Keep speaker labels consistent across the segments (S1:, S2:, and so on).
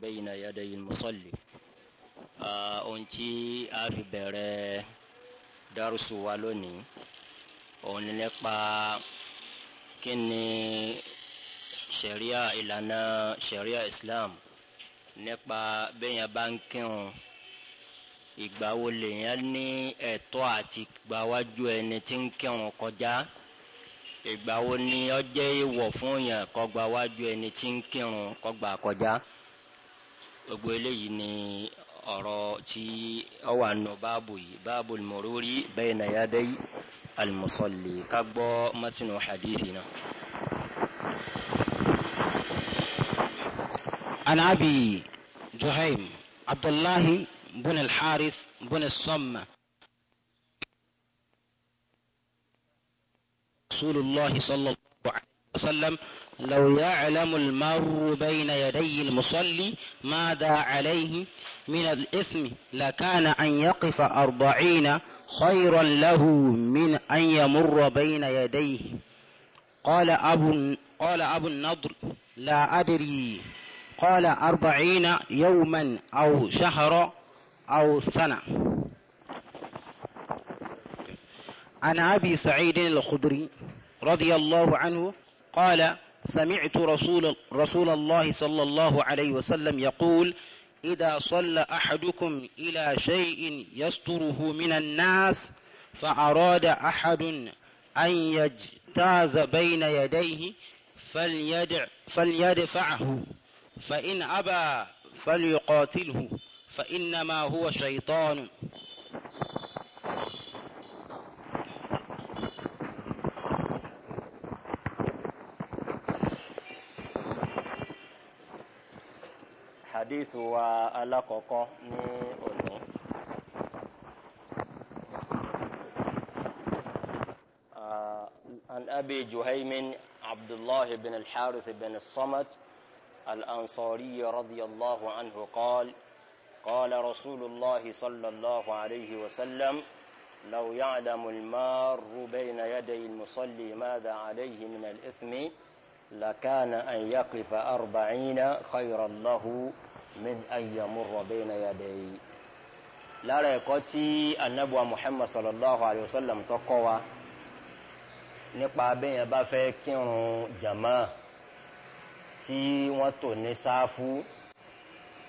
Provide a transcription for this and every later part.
S1: bayna yaday al-musalli ohun tí a fi bẹ̀rẹ̀ dárúsù wa lónìí òun ni nípa kí ni ṣẹ̀ríà ìlànà ṣẹ̀ríà Islam nípa bẹ́yẹn bá ń kírun ìgbà wo lèèyàn ní ẹ̀tọ́ àti gbà wájú ẹni tí ń kírun kọjá ìgbà wo ni ó jẹ́ èèwọ̀ fún yàn kó gbà wájú ẹni tí ń kírun kó kọjá. Ko gbogbo eléyìí ni ọ̀rọ̀ tí ó wà nù báàbù yìí báàbù mọ̀rúrí bayna yaday al-musalli ká gbọ́ mọ́tínú hadithi náà.
S2: عن
S3: أبي جهيم عبد الله بن الحارث بن الصمة رسول الله صلى الله عليه وسلم لو يعلم المر بين يدي المصلي ماذا عليه من الإثم لكان أن يقف أربعين خيرا له من أن يمر بين يديه قال أبو, قال أبو النضر لا أدري قال أربعين يوما أو شهرا أو سنة عن أبي سعيد الخدري رضي الله عنه قال سمعت رسول, رسول الله صلى الله عليه وسلم يقول إذا صلى أحدكم إلى شيء يستره من الناس فأراد أحد أن يجتاز بين يديه فليدع فليدفعه فإن أبى فليقاتله فإنما هو شيطان
S1: حديث wa alakọ̀kọ́ عن أبي جهيم عبد الله بن الحارث بن الصمت الأنصاري رضي الله عنه قال قال رسول الله صلى الله عليه وسلم لو يعلم المار بين يدي المصلي ماذا عليه من الإثم لكان أن يقف أربعين خيرا له min ayé múrò bẹ́ẹ̀ náà yàdẹ̀ yìí. lára ẹ̀kọ́ tí anabuwa muhammad sallallahu alayhi wa sallam tó kọ́ wa nípa abẹ́yẹn bá fẹ́ kírun jama tí wọ́n tò ní sáfú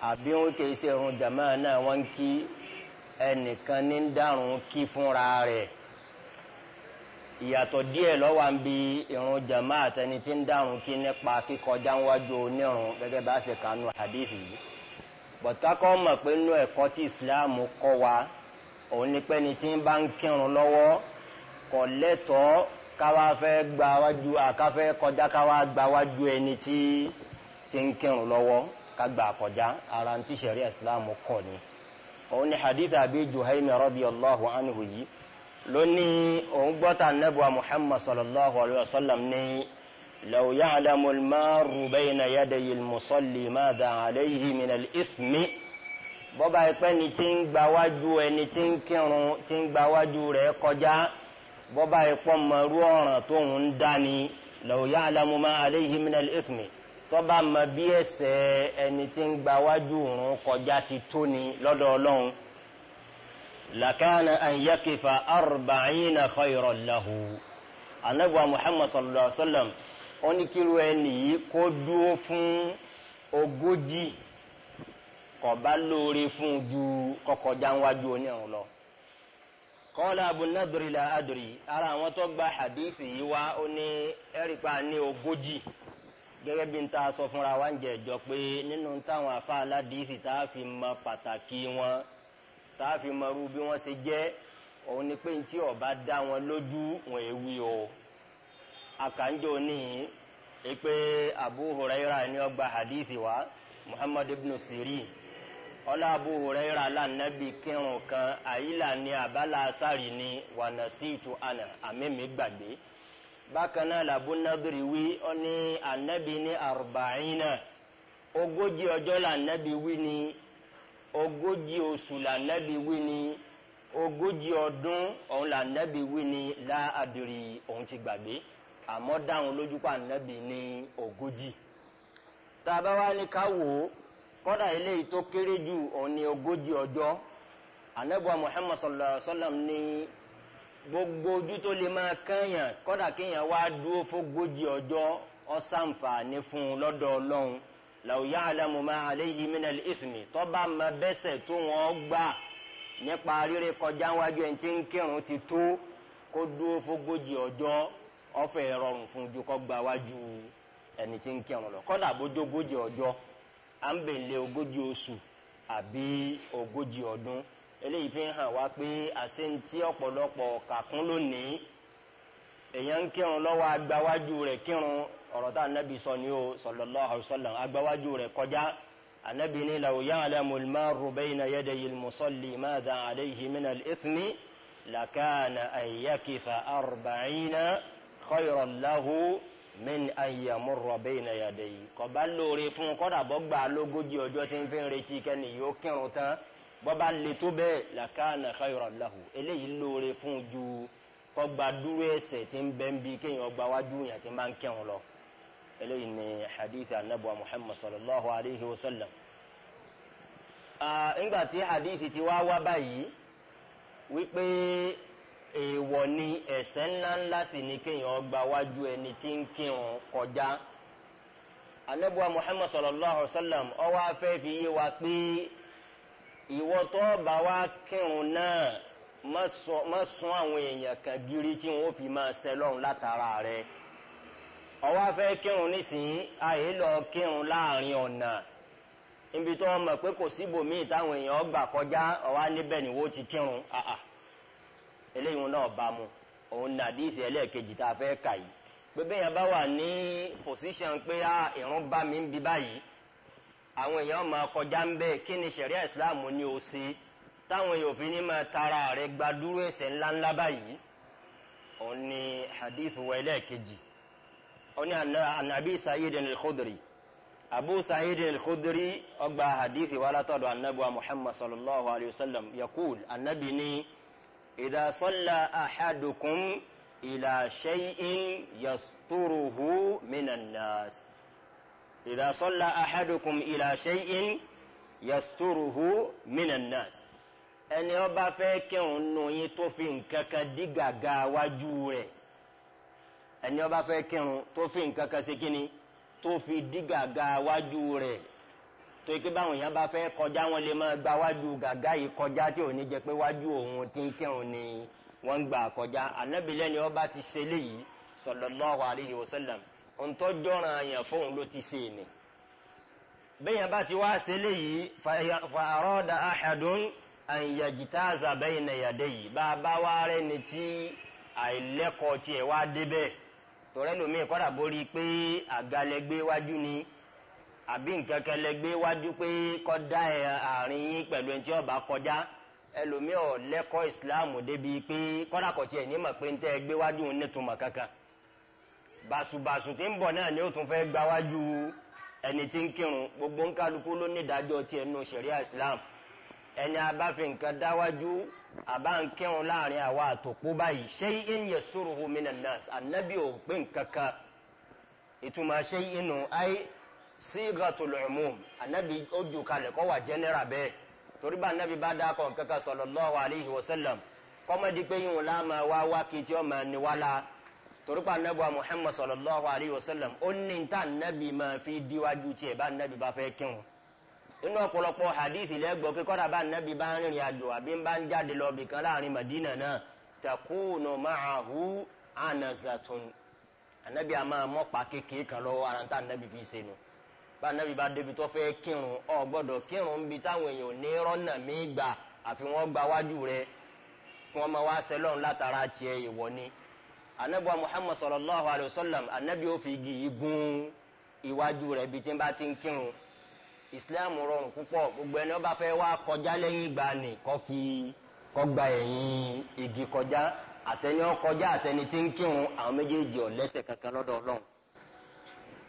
S1: àbí wọn kì í ṣe irun jama náà wọ́n ń kí ẹnìkan ní dárun kí fúnra rẹ̀ ìyàtọ̀ díẹ̀ lọ́wọ́ ń bi irun jama àtẹni tí ń dárun kí nípa kíkọjá wájú onírun gẹ́gẹ́ bá ṣe kánú hadith yìí bọ̀tákọ́ mọ̀ pé nínú ẹ̀kọ́ tí islam kọ́ wa òun ni pé ni tí ń bá ń kírun lọ́wọ́ kò lẹ́tọ̀ọ́ káwa fẹ́ gba wájú àkáfẹ́ kọjá káwa gba wájú ẹni tí ti ń kírun lọ́wọ́ ká gbà kọjá ara ti sẹ̀rí islam kọ́ ni òun ni hadith abi juhaimi rabi allahu anhu yìí lónìí òun gbọ́ta nebua muhammad sallallahu alayhi wa sallam ní. لو يعلم المار بين يدي المصلي ماذا عليه من الإثم bọ́bá ẹ̀pẹ́ ni tí ń gbawájú ẹni tí ń kírun tí ń gbawájú rẹ̀ kọjá bọ́bá ẹ̀pọ́ mọ̀rú ọ̀ràn tó ń dání لو يعلم ما عليه من الإثم tọ́ba mọ bí ẹsẹ̀ ẹni tí ń gbawájú òun kọjá ti tó ni lọ́dọ̀ ọlọ́run làkàna an yakifa arba'ina khayran lahu anagba muhammad sallallahu alaihi wa sallam wọ́n ní kí irú ẹni yìí kó dúró fún ogójì kò bá lóore fún ju kọkọjá wájú oníhàn lọ. kọ́lá abunadiri la adiri ara àwọn tó gba hadithi yìí wá ó ní ẹ̀rípa ní ogójì gẹ́gẹ́ bí n ta sọ fúnra wa ń jẹ́ ìjọ pé nínú táwọn afa aládìsí tá a fi mọ pàtàkì wọn tá a fi mọ irú bí wọ́n ṣe jẹ́ òun ni pé ntí ọba dá wọn lójú wọn èwì o akanjo níhìn ipe abu huraira ni ọgbà hadithi wa muhammad ibn sirin ọlá abu huraira lànàbí kírun kan àyílà ni abala asari ni wànàsíìtù àná àmẹ́mí gbàgbé bákan náà làbú nàbìrì wí ọ ní ànábì ní àrùbáyínà ogójì ọjọ́ lànàbì wí ni ogójì oṣù lànàbì wí ni ogójì ọdún òun lànàbì wí ni láàdìrí òun ti gbàgbé àmọ́ dáhùn lójú pa nàbì ní ogójì tá a bá wá ní ká wò ó kọ́dà eléyìí tó kéré jù òun ní ogójì ọjọ́ anabuwa muhammad sallallahu alaihi wa sallam ni gbogbo ojú tó lè máa kẹ́yàn kọ́dà kéèyàn wá dúró fógójì ọjọ́ ọ̀sánfààní fún un lọ́dọ̀ ọlọ́run làwùyá àlámù máa àléyìí mìíràn ìfìmì tọ́ba ma bẹ́sẹ̀ tó wọ́n gbà nípa rírẹ́ kọjá wájú ẹni tí ń kírun ti tó kó dúró fógójì ọjọ́ ọfẹ rọrùn fún ju kọ gba wájú ẹni tí ń kírun lọ kódà bójú ogójì ọjọ́ à ń bèlè ogójì oṣù àbí ogójì ọdún eléyìí fi hàn wá pé àṣentí ọ̀pọ̀lọpọ̀ kàkún lónìí èèyàn ń kírun lọ́wọ́ agbáwájú rẹ̀ kírun ọ̀rọ̀ tá ànábì sọ ni ó sallallahu alaihi agbáwájú rẹ̀ kọjá ànábì ní law ya'lamu al-marru bayna yadayi al-musalli madha alayhi min al-ithmi lakana an yakifa arba'ina khayran lahu min an yamurra bayna yadayhi kọba lóore fún kọ́dà bọ́ gbà lógójì ọjọ́ tí ń fi retí kẹ́ni yóò kírun tán bọ́ba lè tó bẹ́ẹ̀ làkàna khayran lahu eléyìí lóore fún ju kọgbà dúró ẹsẹ̀ tí ń bẹ́ ń bi kéèyàn ọgbà wájú yàn tí ń bá ń kírun lọ eléyìí ni hadith anabuwa muhammad sallallahu alayhi wa sallam ǹgbà tí hadith ti wá wá báyìí wípé. èèwọ̀ ni ẹ̀sẹ̀ ńláńlá sì ni kéèyàn gba wájú ẹni tí ń kọjá anabuwa muhammad sallallahu alaihi wa sallam fi yé wa pé ìwọ bá wá kírun náà má sún àwọn èèyàn kan tí wọn fi máa ṣe lọ́run látara rẹ̀ ọwọ́ afẹ́ kírun nísìnyí lọ kírun ọ̀nà níbi tó pé kò síbòmíì táwọn èèyàn kọjá ọwọ́ ni wọ́n ti kírun eléyìí náà bá mu òun nàdíìsì ẹlẹ́ẹ̀kejì tá a fẹ́ kà yìí pé bẹ́ẹ̀ yẹn bá wà ní pòsíṣàn pé a ìrún bá mi ń bi báyìí àwọn èèyàn máa kọjá ń bẹ́ẹ̀ kí ni sẹ̀ríà ìsìláàmù ni ó ṣe táwọn èèyàn òfin ní máa tara rẹ̀ gbadúró ẹ̀ṣẹ̀ ńláńlá báyìí òun ni hadithu wa ẹlẹ́ẹ̀kejì òun ni anabi sayid al-khudri abu sayid al-khudri ọgbà hadithu wa látọ̀dọ̀ muhammad sallallahu alayhi wa sallam yakul anabi ni ìdá sọ́lá àhádùkún ìlà ṣẹ́yìn yastúruhu minanas ìdá sọ́lá àhádùkún ìlà ṣẹ́yìn yastúruhu minanas ẹni ọba fẹ́ kírun nù yín tó fi nǹkan kan dí gàgà wájú rẹ̀ ẹni ọba fẹ́ kírun tó fi nǹkan kan ṣe kíni tó fi dí gàgà wájú rẹ̀ tó yẹ kí báwọn èèyàn bá fẹ́ kọjá wọn lè máa gba wájú gàgá yìí kọjá tí ò ní jẹ pé wájú òun ti ń ni wọ́n ń gbà kọjá ànábìlẹ̀ ni ọba ti ṣe léyìí sallallahu alayhi wa sallam ntọ́jọ́ràn àyàn fóun ló ti ṣe ni bẹ́yẹn bá ti wá ṣe léyìí fa arada ahadun an yajtaza bayna yadayhi bá a bá wá rẹ̀ ni tí àìlẹ́kọ̀ọ́ tiẹ̀ wá débẹ̀ tọ́rẹ́ lómi ìkọ́dà borí pé àgàlẹ́gbé wájú ni àbí nǹkan kan lẹ gbé wájú pé kọ́ dá àárín yín pẹ̀lú ẹni tí ọba kọjá ẹlòmíì ò lẹ́kọ̀ọ́ ìsìláàmù débi pé kọ́dà kọ̀tì ẹ̀ ní mọ̀ pé ń tẹ́ gbé wájú ní túmọ̀ kankan bàṣùbàṣù tí ń bọ̀ náà ni ó tún fẹ́ gba wájú ẹni tí ń kírun gbogbo ń kálukú ló ní ìdájọ́ ti ẹnu ṣẹ̀ríà ìsìláàmù ẹni abáfi nǹkan dáwájú àbá ń kírun láàrin àwa àtòkú báyìí ṣé in yasturuhu minan nas ànábì ò pé nǹkan kan ìtumọ̀ ṣé inú ayé sígàtul umum ànábì ó ju kalẹ̀ kọ́ wà jẹ́nẹ́rà bẹ́ẹ̀ torí bá ànábì bá dákọ̀ kankan sallallahu alayhi wa sallam kọ́mọ́dé pé yìí wọn lá máa wá wá kí tí ó máa ní wá la torí pé ànábì wa Muhammad sallallahu alayhi wa sallam ó ní ní tá ànábì máa fi díwájú tiẹ̀ bá ànábì bá fẹ́ kírun inú ọ̀pọ̀lọpọ̀ hadith lẹ́gbọ̀ọ́ pé kọ́dà bá ànábì bá ń rìnrìn àjò àbí bá ń jáde lọ bìkan láàrin anazatun ànábì a máa mọ́pa kékeré kan lọ́wọ́ ara ń tá ànábì fi ṣe nù. bánabi bá débi tó fẹ́ kírun ọ gbọ́dọ̀ kírun ń bi táwọn èèyàn ní rọ́nà mí gbà àfi wọ́n gba wájú rẹ kí wọ́n máa wá látara tiẹ̀ ni muhammad sallallahu alayhi wa sallam anabi ó fi igi yìí rẹ bí tí ń bá ti ń kírun islam rọrùn púpọ̀ gbogbo ẹni ó fẹ́ wá gba ẹ̀yìn igi kọjá àtẹni àtẹni ń kírun àwọn méjèèjì ọ̀ lẹ́sẹ̀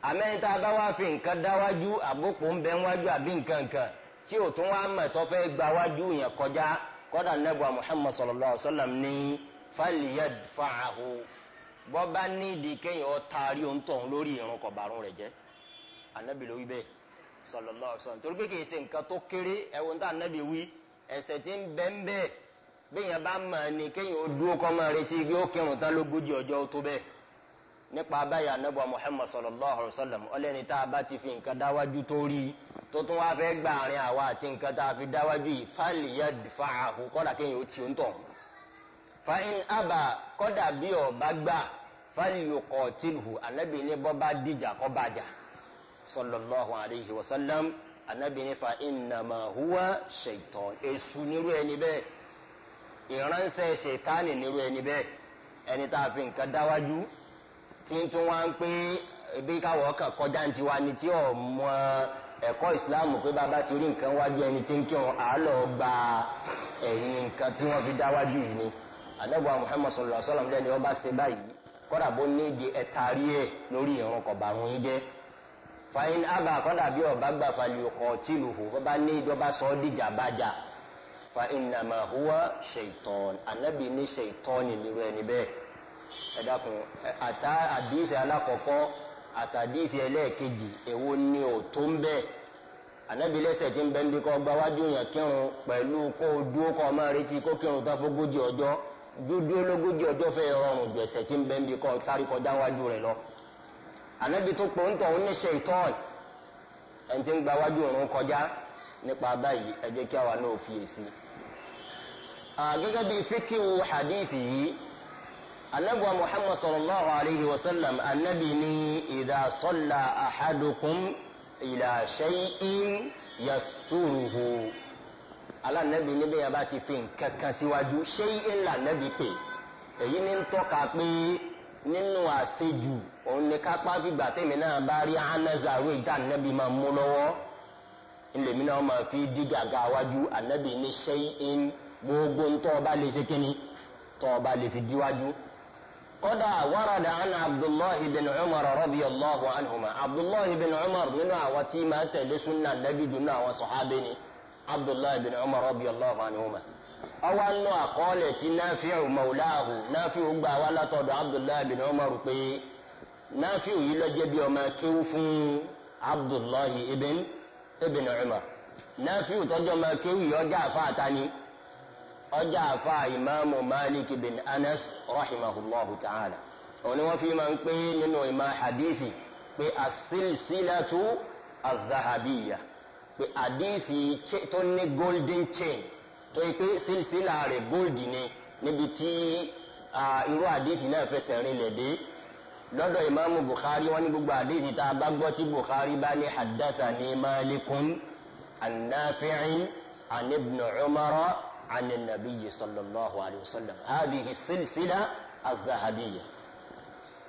S1: àmẹ́yìn tá fi nǹkan dáwájú àbókò ń bẹ wájú àbí nǹkan kan tí ò tún wá mọ̀ tó fẹ́ gba wájú yẹn kọjá kọ́dà nẹ́bù Muhammad sallallahu alaihi ní falyadfa'hu bọ́ bá ní ìdí kéèyàn ó lórí ìrun kọ̀bàrún rẹ̀ jẹ́ anabi ló wí bẹ́ẹ̀ sallallahu alaihi torí pé kìí ṣe nǹkan tó nípa abáyà anábọ̀ muhammad sallallahu alayhi wa sallam ọlẹ́ni tá a bá ti fi nǹkan dáwájú tó rí tó tún wáá fẹ́ gbà àárín àwa àti nǹkan tá a fi dáwájú yìí fáìlì yẹ fà áhù kọ́dà kéèyàn ó ti ń tọ̀ fáìn àbà kọ́dà bí ọba gbà fáìlì ọkọ̀ tìlù anábì ní bọ́ba dìjà kọ́ bàjà sallallahu alayhi wa sallam anábì ní fa ìnàmà huwa ṣètò èṣù nírú ẹni bẹ́ẹ̀ ìránṣẹ́ ṣètánì nírú ẹni bẹ́ẹ̀ ẹni tá a fi nǹkan dáwájú tí ń tún wá ń pé bí káwọ́ kan kọjá ní tiwa ni tí ò mọ ẹ̀kọ́ ìsìláàmù pé bàbá ti rí nǹkan wájú ẹni tí ń kírun àálọ̀ gba ẹ̀yìn nǹkan tí wọ́n fi dá wájú yìí ni àdẹ́gbà Muhammad sallallahu alaihi wasallam lẹ́ni ọba ṣe báyìí kọ́dà bó nídi ẹ̀tarí ẹ̀ lórí ìrun kọ̀bàrún yìí jẹ́ fain abba kọ́dà bí ọba gbà falẹ̀ ọkọ̀ tìlùhù ọba ní ìjọba sọ ọ́ dìjà bàjà fa innama huwa shaitan ànábì ní shaitan nìlú ẹni bẹ́ẹ̀ ẹ̀dàkùn àtà àdìsẹ̀ alákọ̀ọ́kọ́ àtàdìsẹ̀ ẹlẹ́ẹ̀kejì èwo ni ò tó ń ń kírun kó o dúró kọ́ ọ máa retí kó kírun tán fógójì ọjọ́ dúdú ológójì ọjọ́ fẹ́ rọrùn ń kọjá wájú lọ. ànábì tó pọ̀ ń tọ̀ ń ẹni tí ń kọjá nípa báyìí ẹ kí fíkìwù anabuwa محمد صلى الله عليه وسلم النبي إذا صلى أحدكم إلى شيء shay'in على النبي níbi yẹn فين ti fi شيء لا نبي shay'in la nabi pè èyí ni ń tọ́ka pé nínú àṣejù òun ni kápá fìgbà tèmi náà bá rí anaza ru ìdá anabi máa mú lọ́wọ́ ńlẹ̀mí náà máa fi dígàgà wájú anabi ní shay'in gbogbo ń ọba lè ṣe kínní tọ́ ọba lè fi díwájú kódà wàràdà àná abdullahi bin umar rabi allahu anhuma abdullahi bin umar nínú àwọn tí máa tẹ̀lé sunna nabi dunu àwọn sọ̀hábẹ́ ni abdullahi bin umar rabi allahu anhuma ọwọ́ nù àkọọ́lẹ̀ tí náfíù mọ̀láhù náfíù gbà wá látọ̀dọ̀ abdullahi bin umar pé náfíù yìí lọ́jẹ́ bí ọmọ kéwú fún abdullahi ibn ibn umar náfíù tọ́jọ́ ọmọ kéwú yìí ọjà àfáàtà ni ọjà àfa ìmáàmù malik bin anas rahimahullahu ta'ala òun ni wọ́n fi máa ń pè nínú ìmá hadithi pé asilsilatu azahabiya pé hadithi tó ní golden chain tó yẹ pé silsila rẹ̀ gold ni níbi tí irú hadithi náà fẹsẹ̀ rinlẹ̀ dé lọ́dọ̀ ìmáàmù bukhari wọ́n ní gbogbo hadithi tá a bá gbọ́ tí bukhari bá ní haddatha ní malikun an nafi'in umara. عن النبي صلى الله عليه وسلم هذه السلسلة الذهبية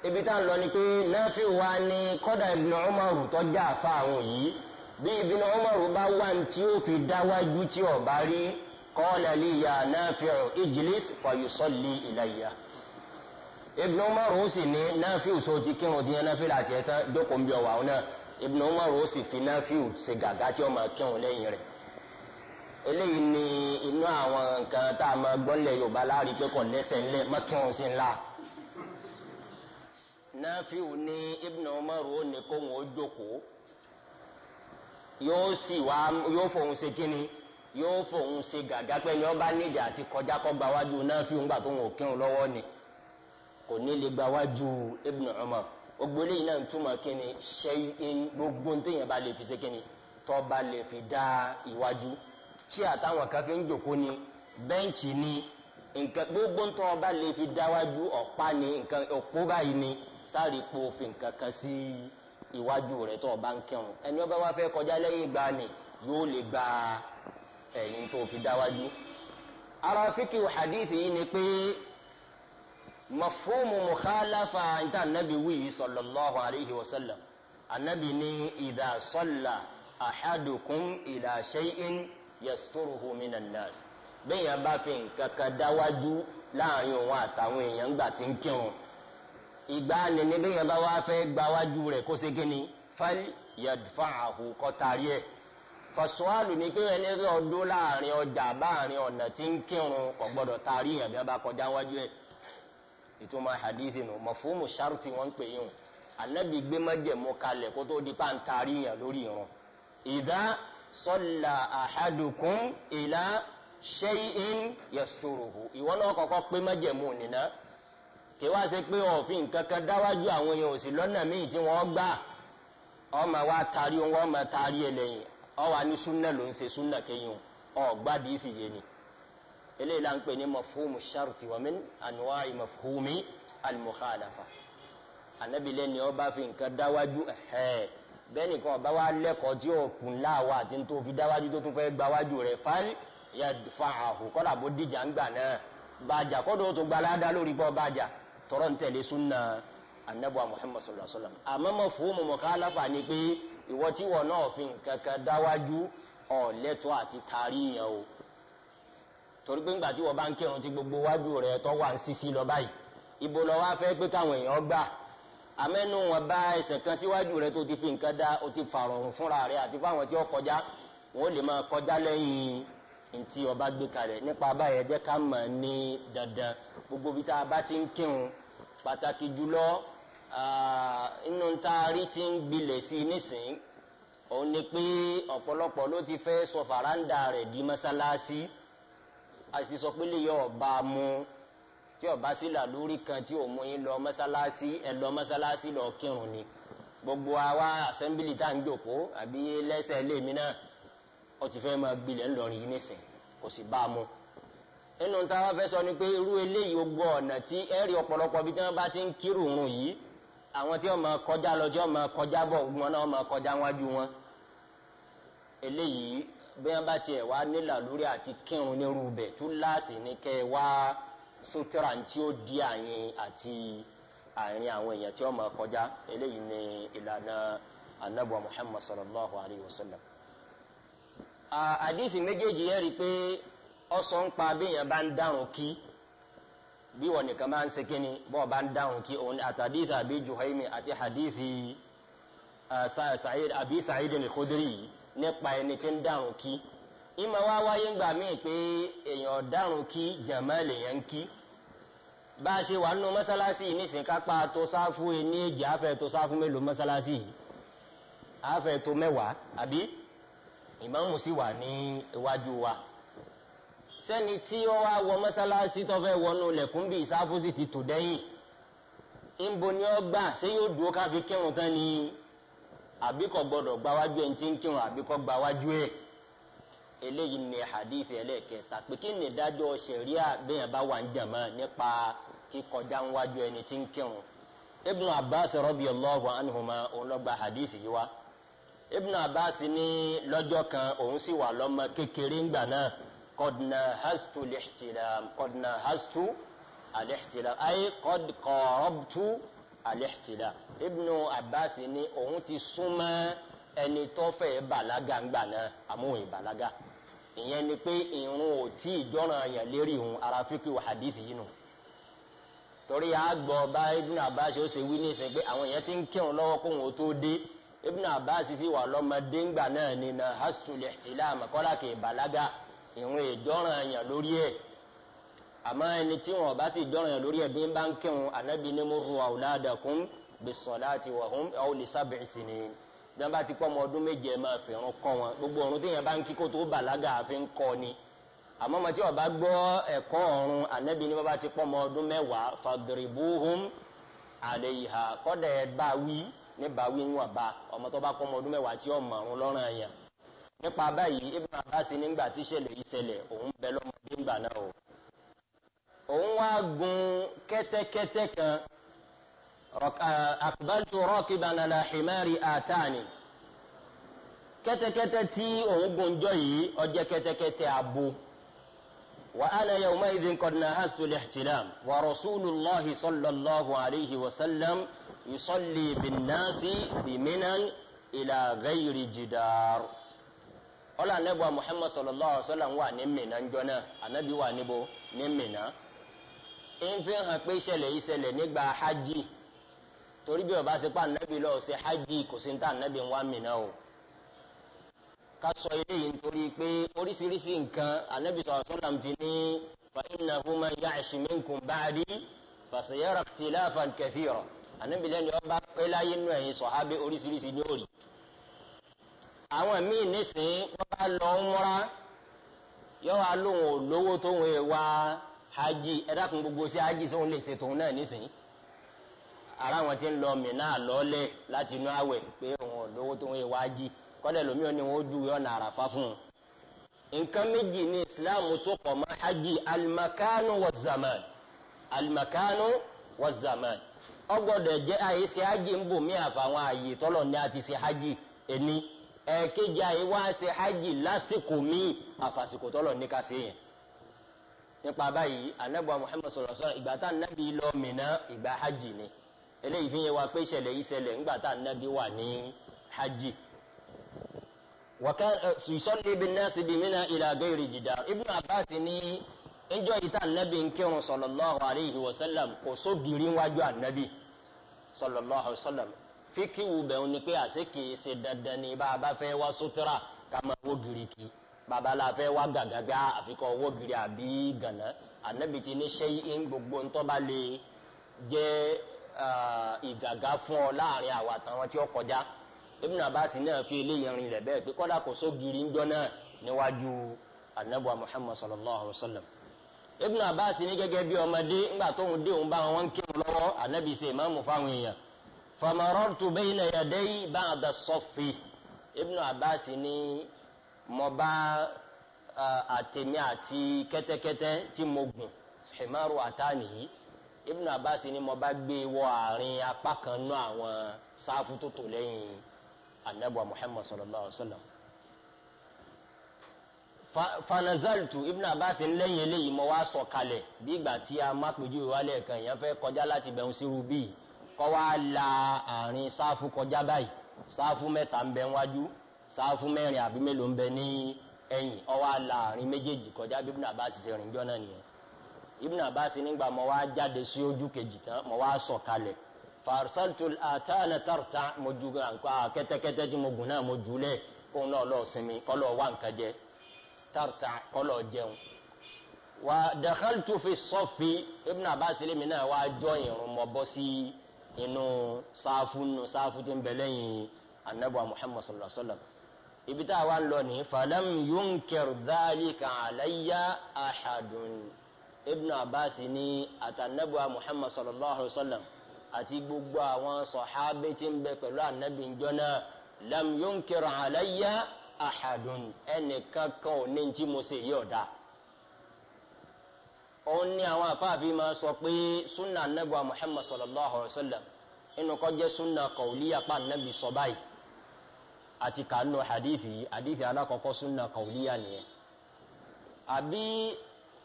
S1: ibi tá à ń lọ ni pé Nafi wa ni kọ́dà Ibn Umar tó já àfa àwọn yìí bí Ibn Umar bá wà tí ó fi dáwájú tí ó bá rí qala li ya Nafi ijlis fa yusalli ilayya Ibn Umar ó sì ní Nafi òṣò ti kírun ti yẹn Nafi láti tán jókòó ń bí ọ̀wà ọ̀hún náà Ibn Umar ó sì fi Nafi ṣe gàgá tí ó máa lẹ́yìn rẹ̀ eléyìí ni inú àwọn nǹkan tá a máa gbọ́ lẹ̀ yorùbá láàrin pé kò lẹ́sẹ̀ ńlẹ̀ mọ́tún sí ńlá. nafiu ni ibn umar ó ní kó wọn ó jókòó yóò sì wá yóò fòun ṣe kínni yóò fòun ṣe gàgà pé ni wọn bá níjà àti kọjá kọ wájú nafiu ńgbà tó wọn ò kírun lọ́wọ́ ni kò ní lè gba wájú ibn umar gbogbo eléyìí náà ń túmọ̀ kínni ṣe gbogbo ntẹ̀yìn bá lè fi ṣe kínni tó lè fi dá iwájú. E tí àtàwọn kan fi ń jòkó ni bẹ́ǹkì ni nǹkan gbogbo tó ọba lè fi dáwájú ọ̀pá ni nǹkan òpó báyìí ni sáré po fi nǹkan kan sí iwájú rẹ̀ tó ọba ń kírun ẹni ọba wa fẹ́ kọjá lẹ́yìn ìgbà ni yóò lè gba ẹ̀yìn tó fi dáwájú. ara fíkì hadith yìí ni pé mafhumu mukhalafa níta anabi wíyí sallallahu alayhi wa sallam anabi ní idha ahadukum ila shay'in yasturuhu minan nas bẹ́ẹ̀ yẹn bá fi nǹkan kan dáwájú láàrin òun àtàwọn èèyàn ńgbà tí ń kírun ìgbà nìní bẹ́ẹ̀ bá wá fẹ́ gbáwájú rẹ̀ kó segin ni fal yadfa'ahu kọ́ tarí ẹ̀ fasuwalu ni pé ẹni rí ọdún láàrin ọjà báàrin ọ̀nà tí ń kírun kò gbọ́dọ̀ taari yẹn bí wọ́n bá kọjá wájú ẹ̀ ìtumọ̀ hadithi nù mọ̀fúnmù sárùtì wọ́n pè yín o ànábì gbé mọ́jẹ̀mú kalẹ̀ kó di pa ń taari yẹn lórí irun ìdá sọ́là àhádùkún ìlà ṣẹ́yìn yẹ̀sùrùhù ìwọ́n náà kọ́kọ́ pé mẹ́jẹ̀mú nìna kí wá ṣe pé òfin nǹkan kan dáwájú àwọn èèyàn òsì lọ́nà míì tí wọ́n gbà ọmọ wa taari wọn ọmọ taari ẹlẹ́yìn ọwà ní súnà ló ń ṣe súnà kẹyìn ọgbàdì ìfìyẹ ni eléyìí là ń pè ní mafhumu sharti wa min anwa'i mafhumi al-mukhalafa anabilẹ́ni ọba fi nǹkan dáwájú ẹ̀hẹ́ẹ̀ bẹ́ẹ̀ni kan ọba wa lẹ́kọ̀ọ́ tí ó kùn láwa àti tó fi dáwájú tó tún fẹ́ gbáwájú rẹ̀ fáyì yẹ fa àhùn kọ́dà bó dìjà ń gbà náà bàjà kọ́dọ̀ tó gba aládá lórí bọ́ bàjà tọrọ ń tẹ̀lé súnà anabuwa muhammad sallallahu alaihi wa sallam àmọ́ mọ̀ fún mọ̀mọ́ káláfà ni pé ìwọ tí wọn náà fi nǹkan kan dáwájú ọ̀lẹ́tọ̀ àti taari yẹn o torí pé ńgbà tí wọn bá ń kírun ti gbogbo wájú rẹ̀ tọ́ wà ń sisi lọ báyìí ibo lọ wá fẹ́ pé káwọn èèyàn gbà amẹnu wọn bá ẹsẹ̀ kan síwájú rẹ tó ti fi nǹkan dá o ti fàrọrùn fúnra rẹ àti fáwọn tí ó kọjá wọn ò lè máa kọjá lẹ́yìn ntí ọba gbé kalẹ̀ nípa abáyẹ jẹ ká mọ̀ ní dandan gbogbo bí tá a bá ti ń kírun pàtàkì jùlọ inú ntaari ti ń gbilẹ̀ sí i nísìnyí òun ni pé ọ̀pọ̀lọpọ̀ ló ti fẹ́ sọ fàràǹdà rẹ̀ di mọ́sálásí a sì sọ pé lè yọ ọba mu tí ọba sí làlórí kan tí ò mú yín lọ mọ́sálásí ẹ lọ mọ́sálásí lọ kírun ni gbogbo àwa assembly tá à ń jòkó àbí lẹ́sẹ̀ lèmi náà ó ti fẹ́ máa gbilẹ̀ ńlọrin yìí nìsín kò sì bá a mú nínú tá wá fẹ́ sọ ni pé irú eléyìí gbọ́ ọ̀nà tí ẹ rí ọ̀pọ̀lọpọ̀ bí tí wọ́n bá ti ń kírun òun yìí àwọn tí wọ́n máa kọjá lọ tí wọ́n máa kọjá bọ̀ wọn náà máa kọjá wájú wọn eléyìí bí wọ́n bá tiẹ̀ wá nílà lórí àti kírun nírú bẹ̀ tú láàsì ní kẹ́ wá. Wa sutura tí ó di àyìn àti àárín àwọn èèyàn tí ó máa kọjá eléyìí ni ìlànà anabu muhammad sallallahu alayhi wa sallam. àdìsí méjèèjì yẹn rí i pé ọsọ ń pa béèyàn bá ń dáhùn kí bí wọn nìkan máa ń ṣe kí ni bọ́ọ̀ bá ń dáhùn kí òun àtàdìsí àbí juhaimi àti àdìsí sa'id àbí sa'id al-khudri nípa ẹni tí ń dáhùn kí ìmọ̀ wá wáyé ń gbà míì pé èèyàn ọ̀daràn kí jàmá lèèyàn ń kí bá a ṣe wà nínú mọ́sálásí nísìnyí kápá tó sáfù ní èjì àfẹ́ tó sáfù mélòó mọ́sálásí àfẹ́ tó mẹ́wàá àbí ìmáàmù sì wà ní iwájú wa sẹ́ni tí ó wá wọ mọ́sálásí tó fẹ́ wọnú lẹ̀kùn bíi sáfù sì ti tò dẹ́yìn ńbo ni ó gbà ṣé yóò dúró káfí kírun tán ni àbí gbọdọ̀ gbáwájú ẹ̀ ń ti ń kírun àbí gbáwájú ẹ̀ e? eléyìí ni hadith ẹlẹ́kẹta pé kí ni ìdájọ́ sẹ̀ríà bẹ́ẹ̀ bá wà ń jàmọ́ nípa kíkọjá ńwájú ẹni tí ń kírun ibn abbas radiyallahu anhuma òun ló gba hadith yìí wá ibn abbas ní lọ́jọ́ kan òun sì wà lọ́mọ kékeré ńgbà náà qadna hastu lihtilam qadna hastu alihtilam ayé qad qarabtu ibn abbas ní òun ti súnmọ́ ẹni tó fẹ́ bàlágà ńgbà náà àmúhùn ìbàlágà. ìyẹn ni pé ìrun ò tí ìjọ́ràn àyàn lérí ìhun ara fíkì hadithi yìí nù torí àgbọ̀ bá Ibn ó ṣe wí ní ìsìn pé àwọn èèyàn ti ń kírun lọ́wọ́ kó wọn ó tó dé Ibn Abbas sì wà lọ́mọdé ńgbà náà ni na hastule àyàn lórí ẹ̀ àmọ́ ẹni tí wọn bá ti lórí bá ń kírun bí wọn bá ti pọ ọmọ ọdún méje ẹ máa fẹ́ràn kọ́ wọn gbogbo ọ̀run téèyàn bá ń kí kó tó bàlágà àfi ń kọ́ ni àmọ́ ọmọ tí ọba gbọ́ ẹ̀kọ́ ọ̀run ànẹ́bí ni wọ́n bá ti pọ́ ọmọ ọdún mẹ́wàá fadribuhum alayha kọ́dà ẹ̀ bá wí ní bá wí ń wà bá ọmọ tó bá pọ́ ọmọ ọdún mẹ́wàá tí ọmọ ọ̀run lọ́rùn àyàn nípa báyìí Ibn o òun wá akbaltu rakiban ala himari atani kẹ́tẹ́kẹ́tẹ́ tí òun gbọ́njọ́ yìí ó jẹ́ kẹ́tẹ́kẹ́tẹ́ abo wa ana yawmaidhin qad nahastu lihtilam wa rasulullahi sallallahu alayhi wa sallam yusalli bin nasi biminan ila ghayri jidar ọlọ anabi wa muhammad sallallahu alaihi wa sallam wà ní Mínà njọ́ náà anabi wà níbo ní hàn pé ìṣẹ̀lẹ̀ yìí ṣẹlẹ̀ nígbà hajj torí bí ọba sepa anabi lọ ṣe hajj kò sí níta anabi ń wá mìíràn o ká sọ eléyìí nítorí pé oríṣiríṣi nǹkan anabi sọ̀rọ̀ sọ́lá ti ní fa innahu man ya'ish minkum ba'di fa sayara ikhtilafan kathira anabi lẹ́ni ọba pé láyé nù ẹ̀yìn sọ̀hábẹ́ oríṣiríṣi ní òòlì. àwọn míì nísìnyí bá lọ múra yọ wá olówó tóhùn ẹ̀ wá hajj ẹ̀dá kan gbogbo sí hajj sóhun lè ṣètò náà nísìnyí. ara wọn ti ń lọ mìíràn lọ́lẹ̀ láti inú àwẹ̀ pé òun ò lówó tó ń yẹ wájú kọ́dẹ̀ lómi ò ní wọn ó ju ọ̀nà àràfá fún un. nǹkan méjì ní islam tó pọ̀ mọ́ hajj alimakanu wa zaman alimakanu wa zaman ọgbọ́dọ̀ jẹ́ àyè ṣe hajj ń bò mí àfàwọn àyè ní àti ṣe hajj ẹni àyè wá hajj lásìkò àfàsìkò ní ká ṣe yẹn nípa anabi lọ hajj ni eléyìí fi yẹ wa pé ìṣẹ̀lẹ̀ yìí ṣẹlẹ̀ ńgbà tá ànábì wà ní hajj wàkàn ìṣọ́lẹ̀ ibi náà sì bí mí náà ìlà gẹ́rì jìdá Ibn Abbas ní ìjọ yìí tá ànábì ń kírun sallallahu alayhi wa sallam kò sógiri wájú ànábì sallallahu alayhi wa sallam fíkìwù bẹ̀rù ni pé àṣẹ kì í ṣe dandan ni bá a bá fẹ́ wá sutura ká máa wó giri kí bàbá la fẹ́ wá gàgàgà àfikọ́ wó giri àbí gànà ànábì ti ní ṣẹ́yìn gbogbo ntọ́ bá lè jẹ́ ìgàgá fún ọ láàrin àwọn àtàwọn tí ó kọjá Ibn Abbas náà fi eléyìí rin rẹ̀ bẹ́ẹ̀ pé kọ́dà kò sógiri ńjọ́ náà níwájú anabuwa sallallahu alaihi wa sallam Ibn Abbas ní gẹ́gẹ́ bí ọmọdé ńgbà tóun dé òun bá wọn kírun lọ́wọ́ anabi ṣe ìmáàmù fáwọn èèyàn famarọ́tù ní àti tí mo gùn ibn abbas ni mo bá gbé wọ àárín apá kan nú àwọn sáfù tó tò lẹ́yìn anabuwa muhammad sallallahu alaihi wa sallam fanazaltu ibn abbas lẹ́yìn eléyìí mo wá sọ kalẹ̀ bí ìgbà tí a má pèjú ìwálẹ̀ kan èèyàn fẹ́ kọjá láti bẹ̀rù sí rubí kọ́ wá la àárín sáfù kọjá báyìí sáfù mẹ́ta ń bẹ wájú sáfù mẹ́rin àbí mélòó ń bẹ ní ẹ̀yìn ọwọ́ àlà àárín méjèèjì kọjá bí ibn abbas ṣe rìn jọ náà nìyẹn ibn abbas nígbà mo wá jáde sí ojú kejì tán mo wá sọ̀kalẹ̀ farsaltul atala tarta mo ju nǹkan kẹ́tẹ́kẹ́tẹ́ tí mo gùn náà mo jù lẹ̀ òun náà lọ sinmi kọlọ wá nǹkan jẹ tarta kọlọ jẹun wa dakhaltu fi sọfi ibn abbas lèmi náà wá jọ ìrùn mo bọ́ sí inú sáfù nù sáfù tí ń bẹ lẹ́yìn anabuwa muhammad sallallahu alaihi wa sallam ibi tá a wá ń lọ ní falam yunkir dhalika alayya ahadun ibn abbas ní àtànẹ́bùa muhammad sallallahu alayhi wa sallam àti gbogbo àwọn sọ̀hábé tí ń bẹ pẹ̀lú ànábì ń jọ́nà lam yunkir alayya ahadun ẹnìkan kan ò ní tí mo ṣe yí ọ̀dà. òun ni àwọn àfáàfi máa sọ pé sunna ànábùa muhammad sallallahu alayhi wa sallam inú kọ́ jẹ́ sunna kọ̀ọ̀líyà pa ànábì sọ báyìí àti hadithi hadithi alákọ̀ọ́kọ́ sunna kọ̀ọ̀líyà nìyẹn. àbí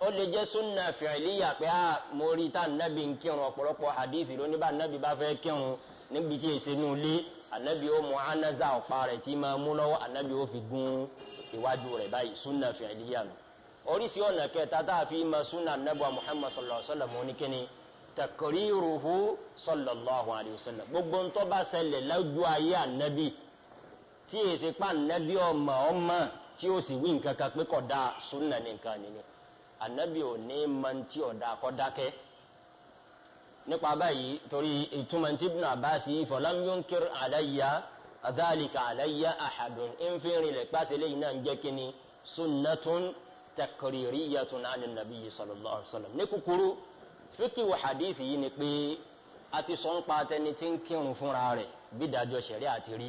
S1: ó lè jẹ́ súnà fìrìlíyà pé a ah, mo rí tá nàbì ń kírun ọ̀pọ̀lọpọ̀ hadith ló ní bá nàbì bá fẹ́ kírun níbi tí èsì nù lé ànábì ó mú anaza ọ̀pá rẹ̀ tí máa mú lọ́wọ́ ànábì ó fi gún iwájú rẹ̀ báyìí súnà fìrìlíyà nù oríṣi ọ̀nà kẹta tá a fi ma súnà nàbà muhammad sallallahu alayhi wa sallam oníkíni takiriruhu sallallahu alayhi wa sallam gbogbo ntọ́ bá ṣẹlẹ̀ lójú ayé ànábì tí èsì pa ànábì ọmọ ànábì ò ní mantí ọ̀dà kọ́dákẹ́ nípa báyìí torí ìtumọ̀ tí Ibn Abbas falam yunkir alayya dhalika alayya ahadun ìnfìrìn lè pàṣẹ lẹ́yìn náà ń jẹ́ kí ni sunnatun takririyatun ani nabiyyi sallallahu alaihi wasallam ní kúkúrú fíkì wà hadith yìí ni pé a ti sọ ń pa tẹni tí ń kírun fúnra rẹ̀ bí dájọ́ ṣẹ̀rí àti rí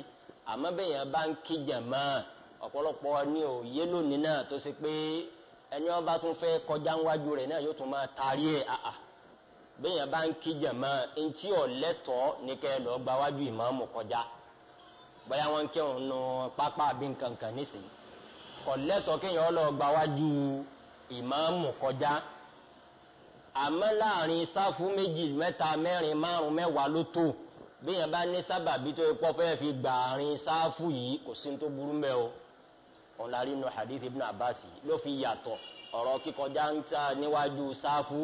S1: àmọ́ bẹ́yẹn bá ń kí jàmáà ọ̀pọ̀lọpọ̀ ní òye lónìí náà tó ṣe pé ẹni ọba tún fẹ́ kọjá ńwájú rẹ̀ náà yóò tún máa taari ẹ̀ àà bẹ́ẹ̀yàn bá ń kí jàmá ntí ọ̀lẹ́tọ̀ ní kẹ́ ẹ lọ́ọ́ gbáwájú ìmáàmù kọjá bóyá wọ́n ń kírun nu pápá àbí nkankan nísìnyí ọ̀lẹ́tọ̀ kéèyàn lọ́ọ́ gbáwájú ìmáàmù kọjá àmọ́ láàrin sáfù méjì mẹ́ta mẹ́rin márùn mẹ́wàá ló tó bẹ́ẹ̀yàn bá ní sábàbí tó yẹ pọ́ fẹ́ẹ́ fi gbàrin sáfù yìí kò sí ní tó burú mẹ́ o ọ̀làrí nù hadith ibn abbas ló fi yàtọ̀ ọ̀rọ̀ kíkọjá ń ta níwájú sáfù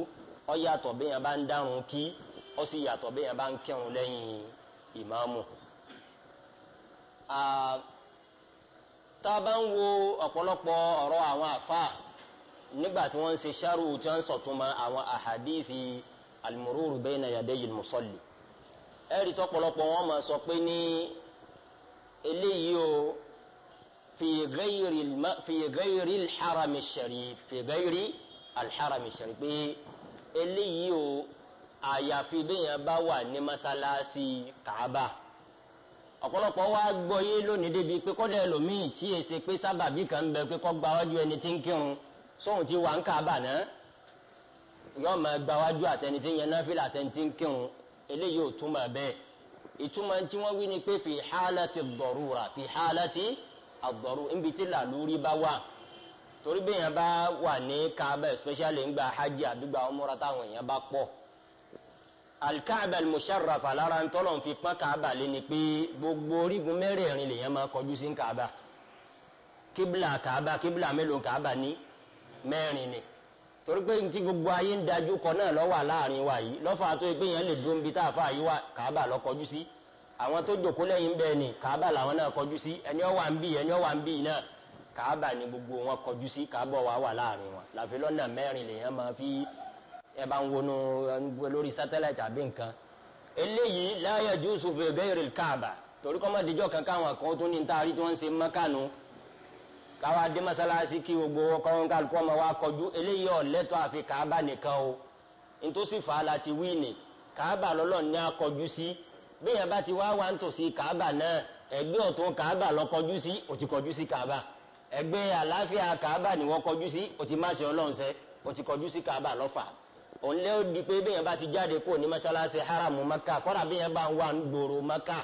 S1: ó yàtọ̀ béèyàn bá ń dárun kí ó sì yàtọ̀ béèyàn bá ń kírun lẹ́yìn ìmáàmù. tá a bá ń wo ọ̀pọ̀lọpọ̀ ọ̀rọ̀ àwọn àfáà nígbà tí wọ́n ń ṣe ṣáàrù tí wọ́n ń sọ̀túnmọ́ àwọn àhàdíìfì almururu bayna yadayi musalli ẹ̀rí tọ́pọ̀lọpọ̀ wọn máa sọ pé ní eléyìí o في غير الم في غير الحرم الشريف في غير الحرم الشريف اللي يو àyàfi bẹ́yàn bá wà ní masalasi kaaba ọ̀pọ̀lọpọ̀ wa gbọ́ yé lónìí débi pé kọ́dọ̀ ẹlòmíì tí e ṣe pé sábàbí kan ń bẹ pé kọ́ gba wájú ẹni tí ń kírun sóhun ti wà ń kaaba náà yóò máa gba wájú àtẹni tí ń yẹn náfìlà àtẹni tí ń kírun eléyìí ò túmọ̀ bẹ́ẹ̀ ìtumọ̀ tí wọ́n wí ni pé fi hálà ti dọ̀rùrà fi hálà ti dọ̀rùrà àgbọ̀rù níbi tí làlúrí bá wà torí bẹ́ẹ̀yàn bá wà ní kaaba especially ńgbà hajj àdúgbò àwọn múra táwọn èèyàn bá pọ̀ alikaaba musharrafa lára ń tọ́lọ̀ fi pọ́n kaaba lé ni pé gbogbo orígun mẹ́rẹ̀ẹ̀rin lèèyàn máa kọjú sí kaaba kíbla kaaba kíbla mélòó kaaba ní mẹ́rin ni torí pé ní ti gbogbo ayé ń dájú kọ náà ló wà wa yìí lọ́fà tó yẹ pé yẹn lè dúró níbi tá a fà yí wa kaaba ló kọjú sí. Si àwọn tó jòkó lẹ́yìn bẹ́ẹ̀ ni kàábà làwọn náà kọjú sí ẹni ó wà ń bì ẹni ó wà ń bì náà kàábà ni gbogbo wọn kọjú sí kàábà wà wà láàrin wọn làfi lọ́nà mẹ́rin lèèyàn máa fi ẹ ń wọnú lórí sátẹ́láìtì àbí nǹkan eléyìí la yajuzu fi bayril kàábà torí kọ́ máa dijọ́ kankan àwọn kan tó ní ntaari tí wọ́n ń ṣe mọ́kànú káwa dé masalasi kí gbogbo ọkọ̀ọ́n kálukọ́ máa wá kọjú bẹ́ẹ̀ bá ti wá wà nítòsí kàábà náà ẹgbẹ́ ọ̀tún kàábà lọ kọjú sí ó ti kọjú sí kàábà ẹgbẹ́ àlàáfíà kàábà ni wọ́n kọjú sí ó ti má ṣe ọlọ́run ṣe ti kọjú sí kàábà lọ́fà òun lé pé bẹ́ẹ̀ bá ti jáde kúrò ní mọ́ṣáláṣí maka kọ́ra bẹ́ẹ̀ bá maka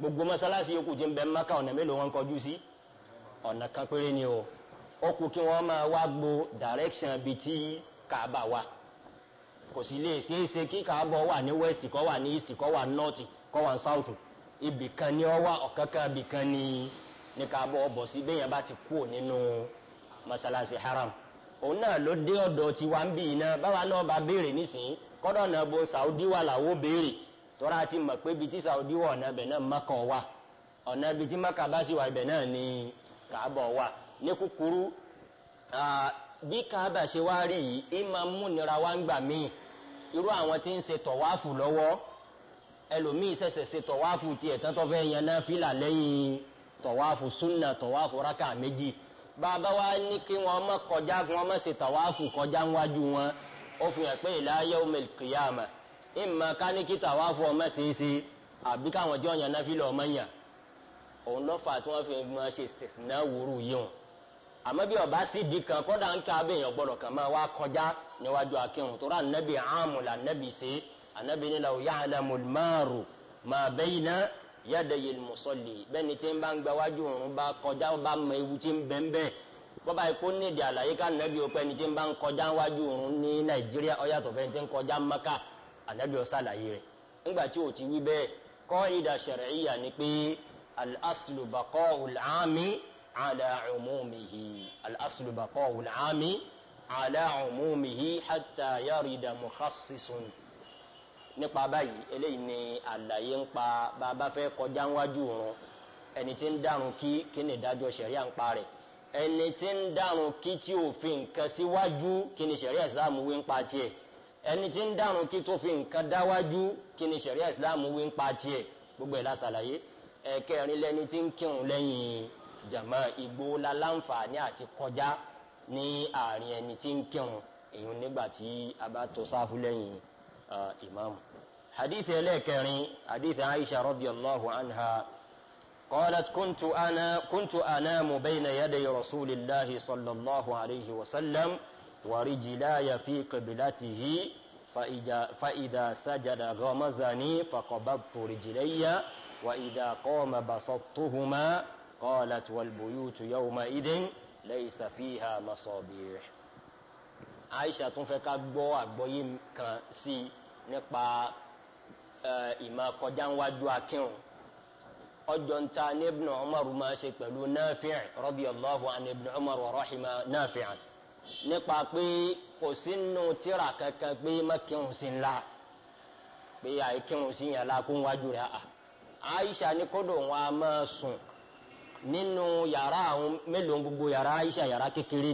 S1: gbogbo mọ́ṣáláṣí yòókù ti ń maka ọ̀nà mélòó kọjú sí ọ̀nà kan péré ni o ó wá gbo direction wà kò lè wà ní west wà ní east kọ́ wà south ibìkan ni ọ wá ọ̀kankan ibìkan ni ní ká bọ́ ọ bọ̀ sí bẹ́yẹn bá ti kú nínú masalasi haram òun náà ló dé ọ̀dọ̀ tiwa ń bì iná báwa náà bá béèrè nísìnyí kọ́dọ̀ náà bo saudi wà làwọ́ béèrè tọ́ra ti mọ̀ pé ibi tí saudi wà ọ̀nà ibẹ̀ náà mọ́kọ̀ wà ọ̀nà ibi tí mọ́kà bá sì wà ibẹ̀ náà ni kàábọ̀ wà ní kúkúrú bí kàábà ṣe wá rí yìí ìmọ̀ múnira wá ń gbà míì irú àwọn tí ń ṣe tọ̀wáfù lọ́wọ́ ẹlòmíì ṣẹ̀ṣẹ̀ ṣe tọ̀wáfù tiẹ̀ tán tó fẹ́ yan náà fìlà lẹ́yìn tọ̀wáfù súnà tọ̀wáfù raka méjì bàbá wa ní kí wọn má kọjá kí wọn má ṣe tọ̀wáfù kọjá níwájú wọn ó fi hàn pé ìlà yaumil qiyama ìmọ̀ káníkì tọ̀wáfù ọmọ ṣeéṣe àbí káwọn jẹ́ ọ̀yàn náà fìlà ọmọ yàn òun lọ́fà tí wọ́n fi mọ ṣe ìsìnà wúrú yìí hàn àmọ́ bí ọba sì di kan kọ́dà ń ká abẹ́yàn gbọ́dọ̀ kàn máa wá kọjá níwájú akẹ́hùn tó rà nẹ́bí àmùlà nẹ́bí ṣe anabi ni law ya'lamu al-maru ma bayna yadayi al-musalli bẹ́ẹ̀ni tí ń bá ń gba wájú òun bá kọjá bá mọ ewu tí ń bẹ́ẹ̀ bọ́ba ikú nídìí àlàyé ká nàbí òpẹ́ ni tí ń bá ń kọjá wájú òun ní nàìjíríà ọ̀yàtọ̀ fẹ́ ti ń kọjá maka ànábì ó ṣàlàyé rẹ̀ ńgbà tí ò ti wí bẹ́ẹ̀ kọ́ ìdá shar'iyya ni pé al-aslu baqa'ul 'ami 'ala 'umumihi al-aslu baqa'ul 'ami 'ala 'umumihi nípa báyìí eléyìí ni àlàyé ń pa bàbá fẹ́ kọjá níwájú òun ẹni tí ń dàrún kí kí ni ìdájọ́ sẹ̀ríà ń pa rẹ̀ ẹni tí ń dàrún kí tí ò fi nǹkan síwájú kí ni sẹ̀ríà ìsìláàmù wí ń pa tiẹ̀ ẹni tí ń dàrún kí tó fi nǹkan dáwájú kí ni sẹ̀ríà ìsìláàmù wí ń pa tiẹ̀ gbogbo ẹ̀ la ṣàlàyé lẹni tí ń kírun lẹ́yìn jàmọ́ igbó la àti kọjá ní àárín ẹni tí ń kírun èèyàn nígbà tí a bá tó sáfù lẹ́yìn ìmáàmù. حديث لكني حديث عائشة رضي الله عنها قالت كنت أنا كنت أنام بين يدي رسول الله صلى الله عليه وسلم ورجلاي في قبلته فإذا, فإذا سجد غمزني فقبضت رجلي وإذا قام بسطتهما قالت والبيوت يومئذ ليس فيها مصابيح عائشة تنفق أبو أبو يمكن سي نقبع ìmọ̀ kọjá wájú akínrun ọjọ́ ń ta ní ibùnà ọmọrù máa ṣe pẹ̀lú Nafi' na an ibùnà ọmọrù rahima Nafi' nípa pé kò sínú tíra kankan pé mọ́kírun sí ńlá pé àìkírun sí yàrá kó wájú rẹ̀ Aisha ni kódò wọn a máa sùn nínú yàrá àwọn mélòó Aisha yàrá kékeré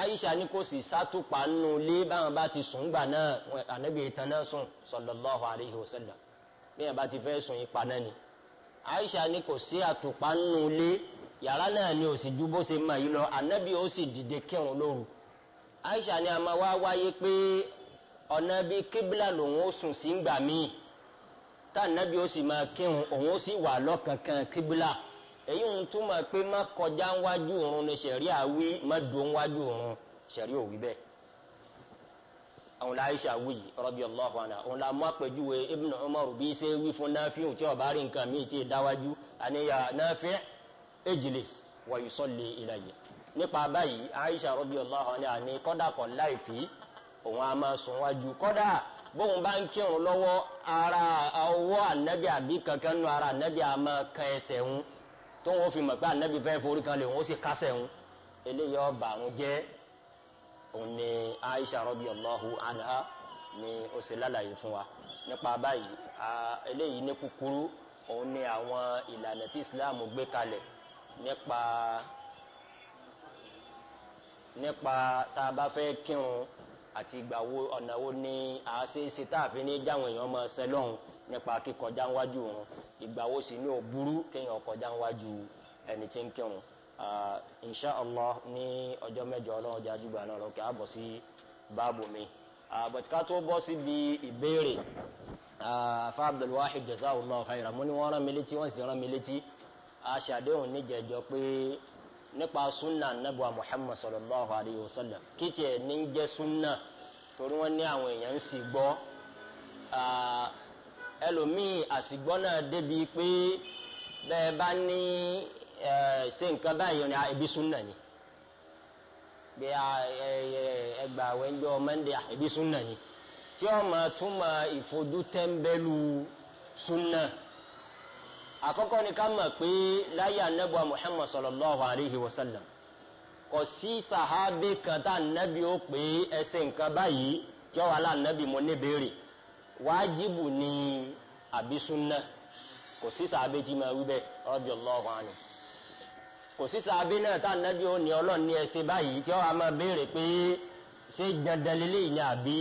S1: Aisha ní kò sì sátúpa nù lé báwọn bá ti sùn gbà náà ànábì ìtàn náà sùn sallallahu alayhi wa sallam bí wọn bá ti fẹ́ sùn ipa náà ni Aisha ní kò sí àtùpà nù lé yàrá náà ni ò sì ju bó ṣe mọ yìí lọ ànábì ó sì dìde kírun lóru Aisha ni a máa wá wáyé pé ọ̀nà bí kíbla lòun ó sùn sí ngbà míì tá ànábì ó sì máa kírun òun ó sì wà lọ́kànkàn kíbla èyí ń túmọ̀ pé má kọjá ńwájú òrun ni sẹ̀rí àwí má dùn ńwájú òrun sẹ̀rí òwí bẹ́ẹ̀. àwọn láìsà wuyì radiyallahu anha àwọn la mú àpèjúwe ibn umar bí ṣe wí fún Nafi' tí ọba rí nǹkan míì tí ì dáwájú àníyà Nafi' ijlis wa yusalli ilayya. nípa báyìí Aisha radiyallahu anha ní kọ́dà kan láìfì òun a máa sùn wájú kọ́dà bóun bá ń kírun lọ́wọ́ ara ọwọ́ ànábì àbí kankan nu ara ànábì a kan ẹsẹ̀ ń tó wọn fi mọ̀ pé ànábì fẹ́ forí kan lè wọn ó sì kásẹ̀ ń eléyìí ọba àwọn jẹ́ òun ni Aisha radiyallahu anha ni ó ṣe lálàyé fún wa nípa báyìí eléyìí ní kúkúrú òun ni àwọn ìlànà tí Islam gbé kalẹ̀ nípa nípa tá a bá fẹ́ kírun àti ìgbà wo ọ̀nà wo ni àá ṣe é ṣe tá a fi ní jáwọn èèyàn máa ṣẹlọ́hún nípa kíkọjá wájú wọn ìgbà wo sì ni ò burú kéèyàn kọjá níwájú ẹni tí ń kírun insha allah ní ọjọ́ mẹ́jọ ọlọ́run ọjà àdúgbò àná lọ kí a bọ̀ sí báàbù mi but ká tó bọ́ síbi ìbéèrè afa abdulwahid jazakallahu khairan mo ní wọ́n rán mi létí wọ́n sì rán mi létí aṣàdéhùn níjẹ̀jọ pé nípa sunna anabuwa muhammad sallallahu alayhi wa sallam kí tiẹ̀ ní jẹ́ sunna torí wọ́n ní àwọn èèyàn ń sì gbọ́ ẹlòmíì àsìgbọ́n náà débi pé bẹ́ẹ̀ bá ní ṣe nǹkan báyìí ní ah, ibi súnà ni bí ah, ẹgbà wẹ́njọ́ mẹ́ndé ah, ibi súnà ni tí ó máa túmọ̀ ìfojú súnà àkọ́kọ́ ni ká mọ̀ pé láyé anábọ̀ Muhammad sallallahu alayhi wa sallam kò sí sàhábì kan tá ànábì ó pé ẹsẹ̀ nǹkan báyìí tí ó wà láànábì mo ní béèrè. wájibù ni àbí suna kò sí sàábé tí ma wí bẹ́ẹ̀ radiyallahu anhu kò sí sàábé náà tá ànábì ó ní ọlọ́ọ̀ni ẹ ṣe báyìí tí máa pé ṣé dandan ni àbí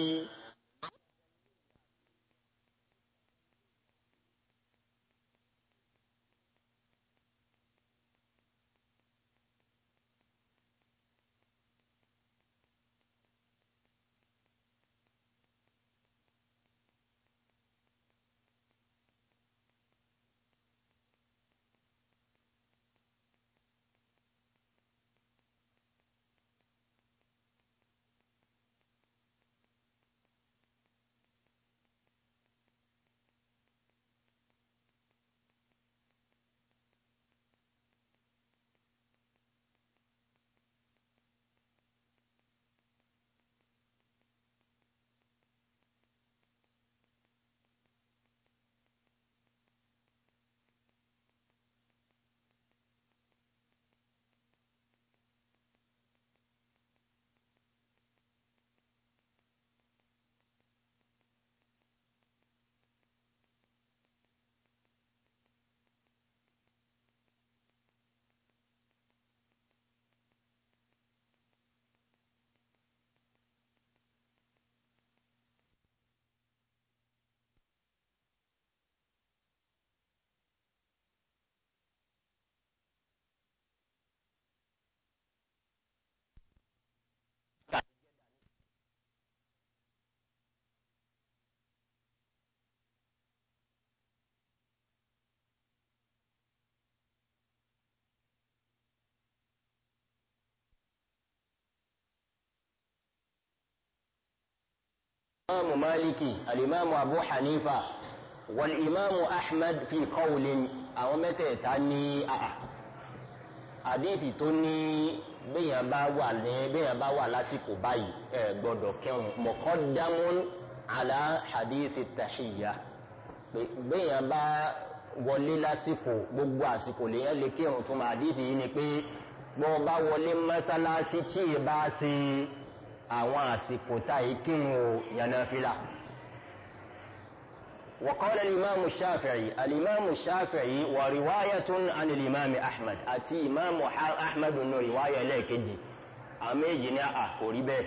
S1: الإمام مالكي الإمام أبو حنيفة والإمام أحمد في قول أو متى تاني أه àdéhìí tó ní béèyàn bá wà ní béèyàn bá wà lásìkò báyìí ẹ gbọ́dọ̀ kẹrùn mọkàndámún àlá àdéhìí tàṣíyà béèyàn bá wọlé lásìkò gbogbo àsìkò lèyàn lè kẹrùn tó máa àdéhìí ni pé bọ́ bá wọlé mọ́sálásí tí ì bá ṣe é àwọn àsìkò tá yìí kéyìn o yànnà fìlà. وقال الإمام الشافعي الإمام الشافعي ورواية عن الإمام أحمد أتي إمام أحمد أنه رواية لكجي أمي جناء قريبة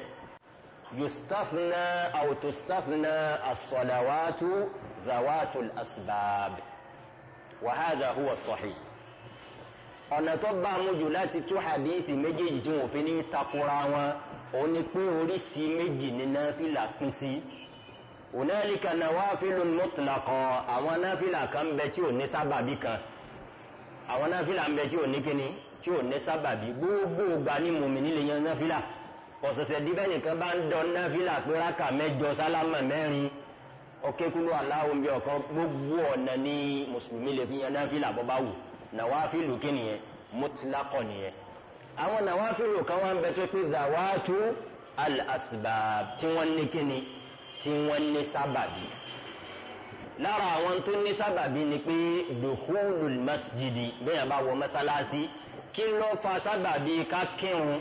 S1: يستثنى أو تستثنى الصلوات ذوات الأسباب وهذا هو الصحيح أنا طبعا مجلات تو حديث مجي جمو فيني تقرأ òun ni pé oríṣi méjì ni náfìlà pín sí ònàlíkà nàwáfílù mọ́tòlákọ̀ àwọn náfìlà kan bẹ tí ò ní sábàbí kan àwọn náfìlà ń bẹ tí ò ní kíni tí ò ní sábàbí gbogbo ìgbà ni mùmíní lè yan náfìlà ọ̀sẹ̀sẹ̀ díbẹ̀ nìkan bá ń dán náfìlà pé rákà mẹ́jọ sálámà mẹ́rin ọ̀kẹ́kúlú aláwọ̀ bí ọ̀kan gbogbo ọ̀nà ni mùsùlùmí lè fi yan náfìlà bọ́ bá wù nàwáfílù kí nìyẹn mọ́tòlákọ̀ nìyẹn àwọn nàwáfíìlù kan wá ń bẹ tó pé zawatu al-asbab tí wọ́n ní kíni tí wọ́n ní sábàbí lára àwọn tó ní sábàbí ni pé dukhulul masjidi bẹ́ẹ̀ bá wọ mọ́sálásí kí ló fa sábàbí ká kírun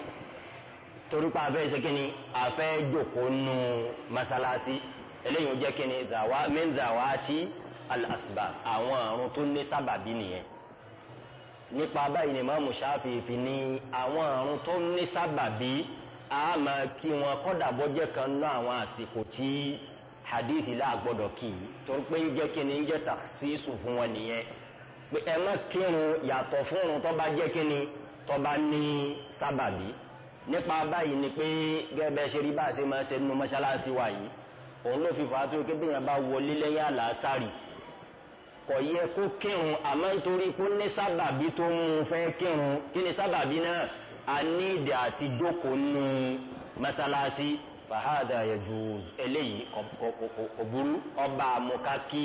S1: torí afẹ́ ṣe kíni afẹ́ jókòó nu mọ́sálásí eléyìí ó jẹ́ kíni min zawati al-asbab àwọn àrùn tó ní sábàbí nìyẹn nípa báyìí ni mọ́mù ṣáfì fi ní àwọn àrùn tó ní sábàbí a máa kí wọn kọ́dà bọ́jẹ́ kan ná àwọn àsìkò tí hadithi láàgbọ́dọ̀ kì í torí pé ń jẹ́ kí ni ń jẹ́ takhsisu fún wọn nìyẹn pé ẹ má kírun yàtọ̀ fún irun tó bá jẹ́ kí ni tó bá ní sábàbí nípa báyìí ni pé gẹ́gẹ́ ṣe rí bá a ṣe máa ṣe nínú mọ́ṣáláṣí wa yìí òun ló fi fàá tó kébìyàn bá wọlé lẹ́yìn àlàásárì kò yẹ kó kírun àmọ́ nítorí kó ní sábàbí tó mú un fẹ́ kírun kí ni sábàbí náà a ní ìdè àti jókòó nu mọ́sálásí fàhádà yajuz eléyìí ọ̀bùrú ọba àmúká kí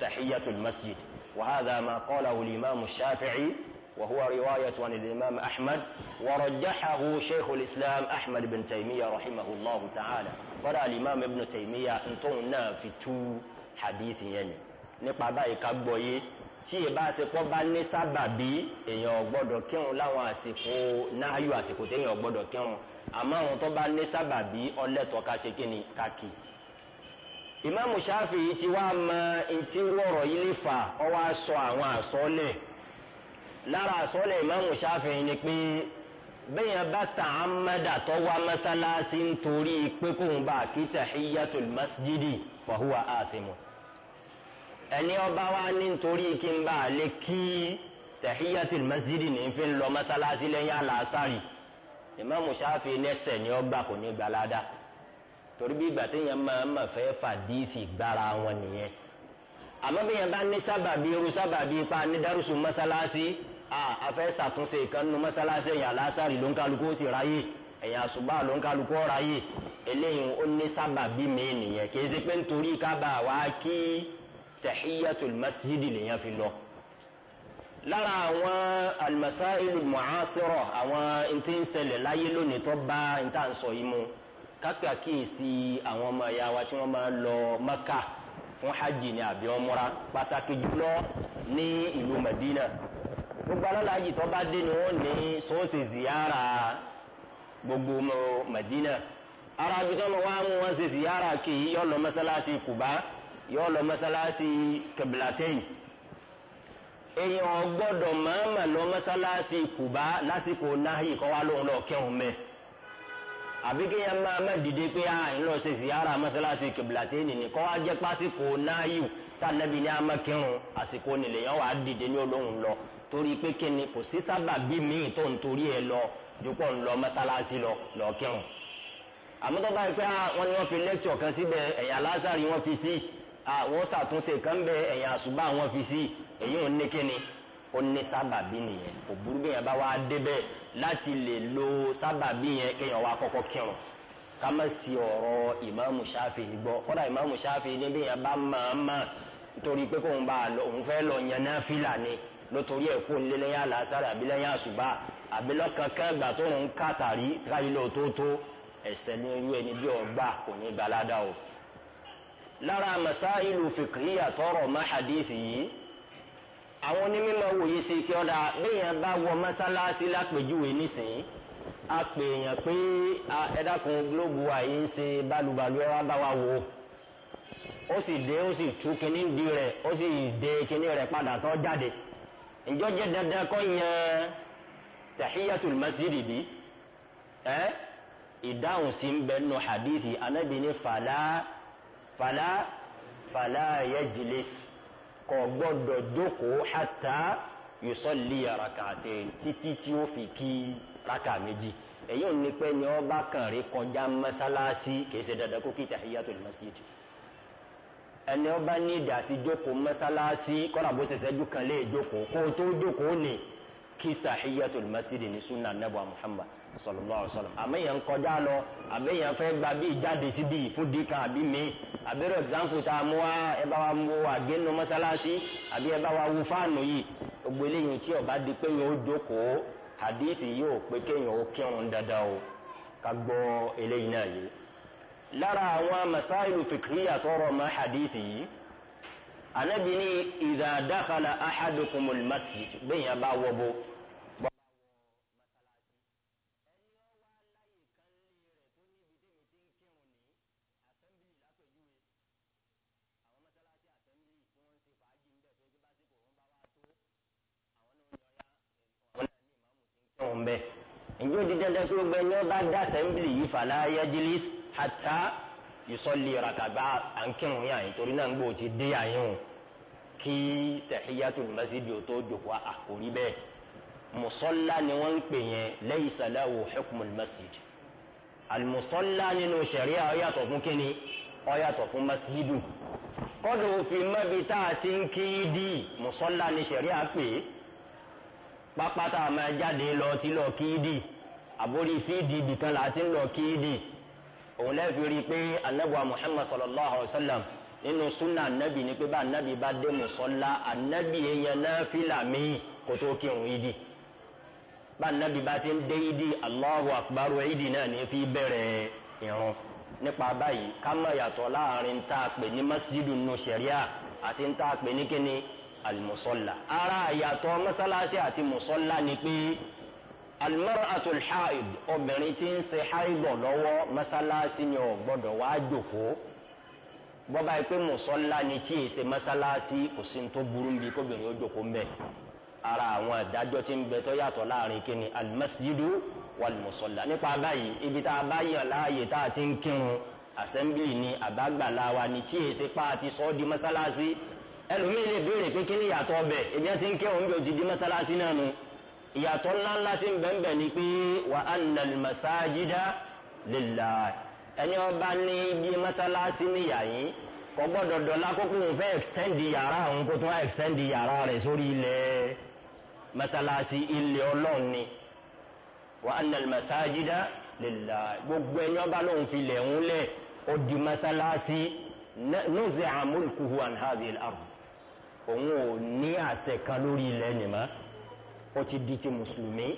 S1: tahiyatul masjid wàhádà máa qala al-imam shafi'i وهو رواية عن الإمام أحمد ورجحه شيخ الإسلام أحمد بن تيمية رحمه الله تعالى قال الإمام ابن تيمية انتونا في تو حديث يعني nípa báyìí ká gbọ́ yé tí ìbá àsìkò bá ní sábàbí èèyàn gbọ́dọ̀ kírun láwọn àsìkò náàyò àsìkò téèyàn gbọ́dọ̀ kírun àmọ́ àwọn tó bá ní sábàbí ọlẹ́tọ̀ ká ṣe kíni káàkì. ìmáàmù ṣáfì yìí ti wá mọ etí wọ̀rọ̀ yìí lè fà ọ́ wá sọ àwọn àsọ́lẹ̀ lára àsọ́lẹ̀ ìmáàmù ṣáfì yìí ni pé bẹ́yẹn bá ta amẹ́dà tó wá mọ́sálásí nítorí pé kóun bá kí tahiyatul masjidi fa àtìmọ̀ ẹni ọba wa ní nítorí kí n bá a lè kí tahiyatul masjidi ní fi ń lọ mọ́sálásí lẹ́yìn àlàásárì ìmáàmù Ṣáfi lẹ́sẹ̀ ní ọgbà kò ní gbalada torí bí ìgbà téèyàn máa ń fẹ́ fàdífì gbára wọn nìyẹn àmọ́ bí yẹn bá ní sábàbí irú sábàbí ipa ní dárúsù mọ́sálásí àfẹ́ ṣàtúnṣe ìkànnú mọ́sálásí ẹ̀yìn àlàásárì ló ń kálukú ó sì ráyè ẹ̀yìn àṣùbà ló ń kálukú ó ráyè eléyìí ó ní sábàbí mi nìyẹn kì í ṣe pé nítorí kábàá wá kí tahiyatul masjidi lèyàn fi lọ lára àwọn almasailu mu'asira àwọn ntí ń ṣẹlẹ̀ láyé lónìí tó bá ntá ń sọ yìí mu kápẹ́ àkíyèsí àwọn ọmọ ìyá wa tí wọ́n máa ń lọ maka fún hajj ní àbí ọmọra pàtàkì jùlọ ní ìlú madina gbogbo alálàájì tó bá dé ní sọ́ọ̀sì ziyara gbogbo madina arabi tó mú wọn ṣe ziyara kì í yọ lọ mọ́sálásí kùbá yọ lọ mọ́sálásí kẹbìlátẹ́yìn èèyàn gbọ́dọ̀ màmá lọ mọ́sálásí kuba lásìkò náhì kọ́ wá lóhùn lọ kẹ́hùn mẹ́ àbí kéèyàn máa má dìde pé à ń lọ ṣe ziyara mọ́sálásí kẹbìlátẹ́yìn ni kọ́ wá jẹ́ pásìkò náhì tànàbí ni a máa kírun àsìkò nílẹ̀ yẹn wà á dìde ní olóhùn lọ torí pé kíni kò sí sábà bí míì tó ń torí ẹ lọ dùpọ̀ ń lọ mọ́sálásí lọ lọ kírun àmọ́tọ́ báyìí pé wọ́n ní wọ́n fi lẹ́kítọ̀ kan síbẹ̀ ẹ̀yà lásàrì wọ́n fi sí. Si àwọn ṣàtúnṣe kan bẹ ẹ̀yìn àṣùbà àwọn fi sí èyí ò ní kíni ó ní sábàbí nìyẹn kò burú bẹ́ẹ̀ bá wá débẹ̀ láti lè lo sábàbí yẹn kéèyàn wá kọ́kọ́ kírun ká má sí ọ̀rọ̀ ìmáàmù ṣáfì gbọ́ kọ́dà ìmáàmù ṣáfì ní bí yẹn bá máa mà nítorí pé kóun bá lọ òun fẹ́ lọ yan fìlà ni lótorí ẹ̀ kó lé lẹ́yìn àlàásàrè àbí àṣùbà àbí lọ́kànkán ìgbà tó ń kàtàrí káyìí tó tó ẹ̀sẹ̀ ní irú ẹni bí ọgbà kò ní gbalada o lára masailu fìkìyà tọrọ má hadith yìí àwọn onímọ̀ wòye sí kí ọ̀dà béèyàn bá wọ mọ́sálásí lápèjúwe nísìnyí a pè èèyàn pé ẹ̀dàkùn gílóòbù àyè ń ṣe bálùbálù ẹ̀rọ bá wa wò ó sì dé ó sì tú kinní di rẹ̀ ó sì dé kinní rẹ̀ padà tó jáde ǹjọ́ jẹ́ dandan kọ́ yẹn tahiyatul masjidi bi ẹ́ ìdáhùn sí ń bẹ́ẹ̀ nù hadithi anabi fàlà fàlà fàlà yajlis kò gbọ́dọ̀ jókòó hàtà yusalli rak'atayn títí tí ó fi kí raka méjì èyí ò ní pẹ́ ni ọ bá kàn rí kọjá mọ́sálásí kì í ṣe dandan kó kí tahiyatul masjid ẹni ọba ní ìdí àti jókòó mọ́sálásí kọ́nà bó dúkan lé jókòó kó tó jókòó ní kí tahiyatul masjid ní sunna nabu muhammad sallallahu alaihi wasallam àmẹyàn ń kọjá lọ àbẹyàn fẹ́ gba bíi jáde sí bíi fún dika àbí mi àbẹrẹ example tá a mú wa ẹ bá wa mú wa génu mọ́sálásí àbí ẹ bá wa wú fáànù yìí gbogbo eléyìí tí ọba di pé yóò jókòó hadithi yóò pé kéèyàn ó kírun dáadáa o ká gbọ́ eléyìí náà yìí lára àwọn masáìlú fìkìyà tọrọ mọ́ hadithi yìí anabi ni idha ahadukumul masjid bẹ́ẹ̀ yẹn bá wọ́ bó. dandan kí gbogbo ẹni ọba dá sẹ́ńbìlì yìí fàlà yajlis hatta yusalli rakaba ànkírun yàn yín torí náà ń gbòó ti dé àyín o kí tahiyatul masjidi o tó jòkó àkórí bẹ́ẹ̀ musalla ni wọ́n ń pè yẹn laysa lahu hukmul masjid alimusalla nínú sẹ̀ríà ó yàtọ̀ fún kíni ó fún masjidu kọ́dọ̀ òfin mẹ́bi tá a ti ń kí dì musalla ni sẹ̀ríà pè pápátá máa jáde lọ tí lọ kí dì àbórí síìdì ibìkan láti ń lọ kíìdì òun lẹ́ẹ̀fi rí i pé anabuwa muhammad sallallahu alayhi wa sallam nínú sunna anabi ni pé bá anabi bá dé musọ́lá anabi èèyàn náà fìlà mí kó tó kírun ìdí bá anabi bá ti ń dé ìdí allahu akbar ìdí náà ní fi bẹ̀rẹ̀ ìrun nípa báyìí ká yàtọ̀ láàrin tá a pè ní masjidu nù sẹ̀ríà àti tá a pè ní kíni alimusọ́lá ara àyàtọ̀ mọ́sálásí àti musọ́lá ni pé almar'atu alhaid obìnrin tí ń ṣe haidọ̀ lọ́wọ́ mọ́sálásí ni ò gbọ́dọ̀ wá jókòó bọ́ba yìí pé mùsọ́lá ni tí èsè mọ́sálásí kò sí ní tó burú níbi kóbìnrin ó jókòó ń bẹ̀ ara àwọn ìdájọ́ tí ń bẹ tó yàtọ̀ láàrin kíni almasjidu walmusọ́lá nípa báyìí ibi tá a bá yàn láàyè tá a ti ń kírun assembly ni àbágbàlá wa ni tí èsè pa àti sọ́ di mọ́sálásí ẹlòmíì lè béèrè pé kíni yàtọ̀ ọbẹ̀ ebi ẹ ti ń kírun bí ó ti di mọ́sálásí náà nu. No ìyàtọ̀ ńláńlá ti ń bẹ̀ǹbẹ̀ ni pé wa anna al-masajida lillah ẹni ọba ní ibi mọ́sálásí níyà yín kò gbọ́dọ̀ dọ̀la kó kóun fẹ́ extend yàrá òun kó tún wá extend yàrá rẹ̀ sórí ilẹ̀ mọ́sálásí ilẹ̀ ọlọ́run ni wa anna al-masajida lillah gbogbo ẹni ọba lóun fi lẹ̀ ń lẹ̀ ó di mọ́sálásí nuzi'a mulkuhu an hadhihi al-ard òun ò ní àṣẹ kan lórí ilẹ̀ nìmọ́ ó ti di ti mùsùlùmí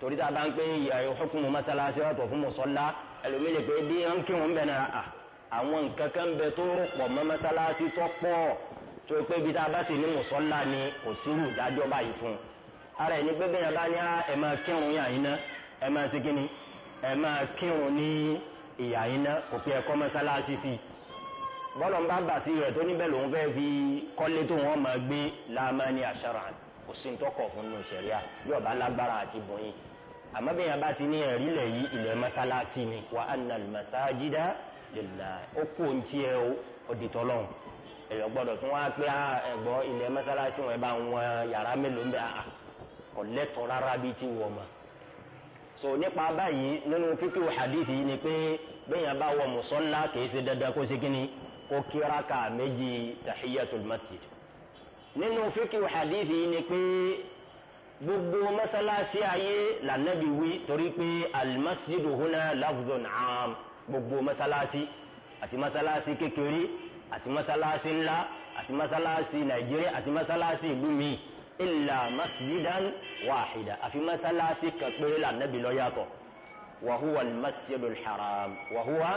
S1: torí tá a bá ń pé ìyàwó hukumu masalasi ọ̀tọ̀ fún mọ̀sọ́lá ẹlòmíì lè pé bí ń kí wọn bẹ̀ náà à àwọn nǹkan kan bẹ tó rọpò mọ́ masalasi tó pọ̀ tó pé bí tá a bá sì ní mọ̀sọ́lá ni kò sírù dájọ́ báyìí fún un ara ẹni pé bẹ́ẹ̀ bá ní ẹ máa kírun yà yín ná ẹ máa ṣe kí ni ẹ máa kírun ní ìyà yín ná kò pé ẹ̀kọ́ masalasi sí i bọ́lọ̀ ń bá gbà sí rẹ̀ tó níbẹ̀ lòun fẹ́ fi kọ́lé tó wọn máa gbé láàmánì àṣàrà ni kò sí ntọ́kọ̀ fún nù sẹ̀ríà yóò bá lágbára àti bọ̀yìn àmọ́ bí yẹn bá ti ní ẹ̀rí lẹ̀ yìí ilẹ̀ mọ́sálásí ni wa anna al-masajida lillah ó kú ohun tí ẹ ọ̀dìtọ̀ lọ́hùn èèyàn gbọ́dọ̀ tún wá pé ah, ẹ̀gbọ́ ilẹ̀ mọ́sálásí wọn bá wọn yàrá mélòó ń bẹ àà ah, kò rárá bíi ti wọ̀ mọ́ so nípa báyìí nínú fíkì hadith yìí ni pé bẹ́yàn bá wọ mùsọ́lá kì í ṣe dandan kó ṣe kíni kó kíraka méjì tahiyatul masjid nínú fíkì hadith yìí ni pé gbogbo mọ́sálásí ayé lànàbí wí torí pé alimasidu huna lafzun am gbogbo mọ́sálásí àti mọ́sálásí kékeré àti mọ́sálásí ńlá àti mọ́sálásí nàìjíríà àti mọ́sálásí ìlú mi illa masjidan wahida àfi mọ́sálásí kan péré lànàbí ló yàtọ̀ wàhúwa alimasidu haram wàhúwa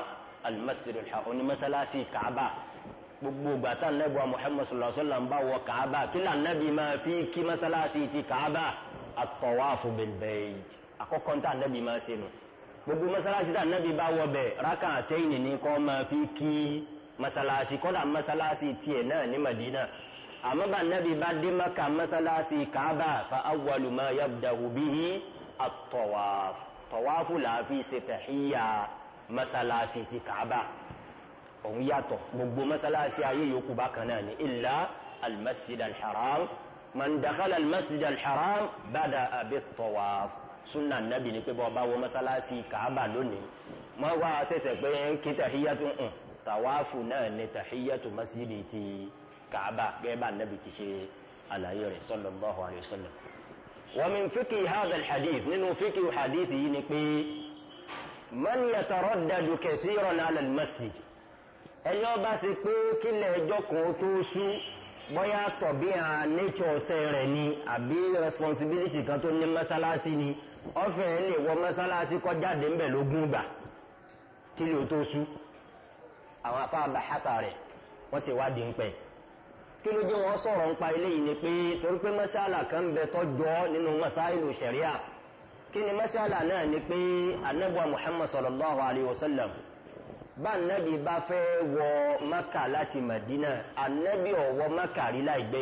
S1: alimasidu haram oní mọ́sálásí kaaba gbogbo ìgbà tá nẹ́bù wa muhammad sallallahu alayhi wa sallam bá wọ kàába kí là nẹ́bì máa fi kí mọ́sálásí ti kàába at-tawafu bil bayt àkọ́kọ́ tá nẹ́bì máa ṣe nù
S2: gbogbo mọ́sálásí tá nẹ́bì bá wọ bẹ̀ rákà
S1: àtẹ́yìn ní kọ́ máa fi kí mọ́sálásí kọ́dà mọ́sálásí tiẹ̀ náà ní madina àmọ́ bá nẹ́bì bá dé maka mọ́sálásí kàába fa awwalu ma yabda'u bihi at-tawafu tawafu làá fi ti kàába òun yàtọ̀ gbogbo masalasi ayé yòókù bákan náà ni illa almasjid alḥaram man dakhala almasjid alḥaram bada abi tawaf sunna nabi ni pé bọ́ọ̀ bá wọ masalasi kaaba lónìí mọ wá sẹsẹ pé ń kí tahiyatu ń mm, tawaafu náà ni tahiyatu masjid ti kaaba gẹ́gẹ́ bá nabi ti ṣe àlàyé rẹ̀ sallallahu alayhi wa sallam. wa min fiqhi alhadith nínú fiqhi hadith yìí ni pé man yataraddadu kathiran ala almasjid. ẹni ọba ṣe pé kílẹ̀ ẹjọ́ kan tó sú bóyá tọ̀bí hàn nature ọ̀sẹ̀ rẹ̀ ni àbí responsibility kan tó ní mọ́sálásí ni ọ̀fẹ́ ẹ̀ lè wọ mọ́sálásí kọjáde ńbẹ̀ lógún gbà kílẹ̀ ó tó sú àwọn afáàbà hàtà rẹ̀ wọ́n sì wádìí ń pẹ́ kí ló jẹ́ wọ́n sọ̀rọ̀ ile eléyìí ni pé torí pé mọ́sálà kan bẹ tọ́jọ́ nínú mọ́sáìlù ṣẹ̀ríà kí ni mọ́sálà Muhammad sallallahu alayhi wa sallam bá anabi bá fẹ́ wọ maka láti madina anabi ò wọ maka rí láì gbé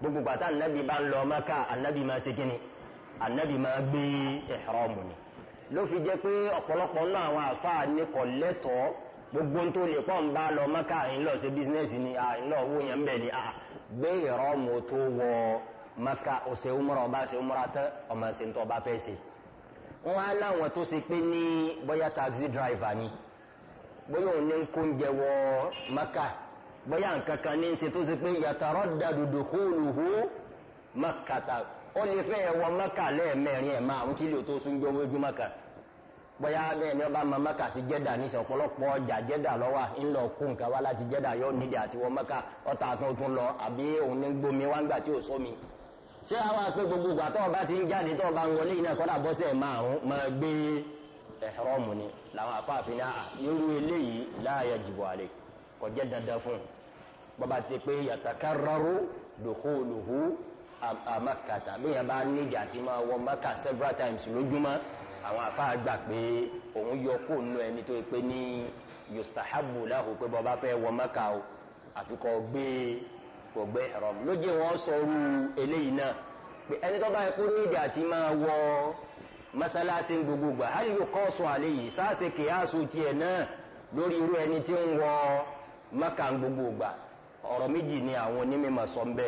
S1: gbogbo gbàtà anabi bá ń lọ maka anabi máa ṣe kíni anabi máa gbé ihram ni ló fi jẹ́ pé ọ̀pọ̀lọpọ̀ náà àwọn àfáà ní kò lẹ́tọ̀ọ́ gbogbo ń tó lè pọ̀ ń bá lọ maka ńlọ ṣe bísínẹ́sì ni ńlọ owó yẹn ń bẹ̀ ni gbé ihram tó wọ maka ọ̀sẹ̀ umra ọba ṣe umra tán ọmọ ṣe ń ọba fẹ́ ṣe wọ́n á láwọn tó ṣe pé ní bóyá taxi driver ni. bóyá òun ní kó ń jẹ wọ maka bóyá nǹkan kan ní í ṣe tó ṣe pé yàtàrọ̀ dàdùdù hóòlùhó makata ó lè fẹ́ wọ maka lẹ́ẹ̀mẹrin ẹ̀ máa ń kílò tó sún gbé owó maka bóyá bẹ́ẹ̀ ni ọba ma maka sí jẹ́dà ní ọjà jẹ́dà lọ́wà ńlọ kú nǹkan wá láti jẹ́dà yóò nídìí àti wọ maka ọ̀tà tuntun lọ àbí òun ní gbomi wá ń tí ò gbogbo ọba ti ń jáde tó ọba ń wọlé yìí náà kọ́dà bọ́sẹ̀ máa gbé ẹ̀hẹ́rọ́mù ni làwọn afáàfin ní àà ah, irú eléyìí la yajibu alẹ́ kò jẹ́ dandan fún un ti pé yatakarraru dukhuluhu àmàkàtà bí yẹn bá níjà tí máa wọ mẹ́kà several times lójúmọ́ àwọn afáà gbà pé òun yọ kó nu ẹni tó pé ní yustahabu lahu pé bàbá fẹ́ wọ mẹ́kà o àfikọ́ gbé kò gbé ẹ̀rọ lójú wọn sọ irú eléyìí náà pé ẹni tó bá yẹ kó níjà tí máa wọ mọ́sálásí gbogbo gbà hali yóò kọ́ sùn àlẹ́ yìí sáàsì kìyàsù tiẹ̀ náà lórí irú ẹni tí ń wọ mọ́kà gbogbo gbà ọ̀rọ̀ méjì ni àwọn onímọ̀ sọ ń bẹ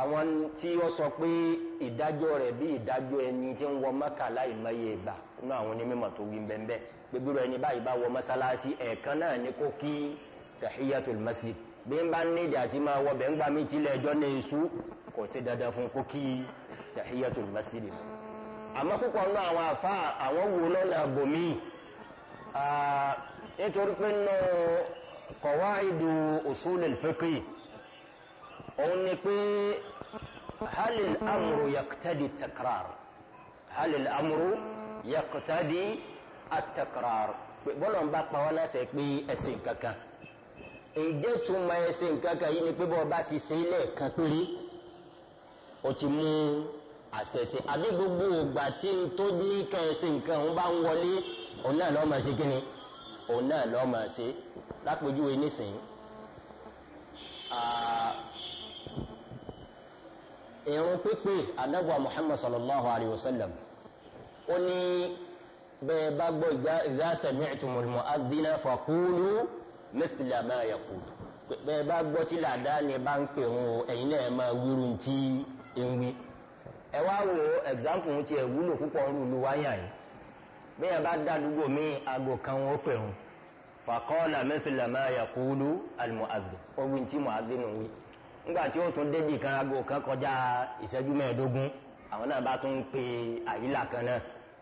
S1: àwọn tí ó sọ pé ìdájọ́ rẹ̀ bí ìdájọ́ ẹni tí ń wọ mọ́kà láì mọ́yé ìgbà nínú àwọn onímọ̀ tó gbin bẹ́ẹ̀ gbogbo ẹni báyìí bá wọ mọ́sálásí ẹ̀ẹ̀kan náà ni kó kí tahiyatul masjid bí n bá nídìí àti máa wọ bẹ́ẹ̀ ń gbà mí tilẹ̀ ẹjọ́ ní èṣù kò sí dandan fún kó kí tahiyatul masjid mi àmọ́ púpọ̀ nínú àwọn àfa àwọn wo lọ́nà àbòmí nítorí pé nínú qawaidu usul al-fiqh òun ni pé hal al-amru yaqtadi takrar hal al-amru yaqtadi at-takrar bọ́lá ń bá pa wá láṣẹ pé ẹ̀sìn kankan ǹjẹ́ tó ẹ̀sìn kankan yìí ni pé bọ́ọ̀ bá ti ṣe é lẹ́ẹ̀kan péré o ti mú àṣẹṣe àbí gbogbo ògbà tí n tó ní kẹsì nǹkan òun bá ń wọlé òun náà lọ́ọ́ máa ṣe kíni òun náà lọ́ọ́ máa ṣe lápèjúwe nísìnyí. ìrun pípé anábọ̀ Muhammad sallallahu alayhi wa sallam ó ní bẹ́ẹ̀ bá gbọ́ idha sami'tumul mu'adhdhina faqulu mithla ma yaqulu bẹ́ẹ̀ bá gbọ́ tí làdá ni bá ń pè wọn ẹ̀yin náà máa wírun tí ń wí ẹ wá wo example ti ẹ̀ wúlò púpọ̀ ọ̀rùn ìlú wáyà yìí bí yẹn bá dádúgbò mi aago kan wọn ó pè wọn fàkọ́ọ̀là mẹ́fìlà máa yà kúlú àlùmọ́àgbẹ̀ ogun tí mọ́àgbẹ̀ nù wí nígbà tí ó tún débì kan aago kan kọjá ìṣẹ́jú mẹ́ẹ̀ẹ́dógún àwọn náà bá tún pe àyílà kan náà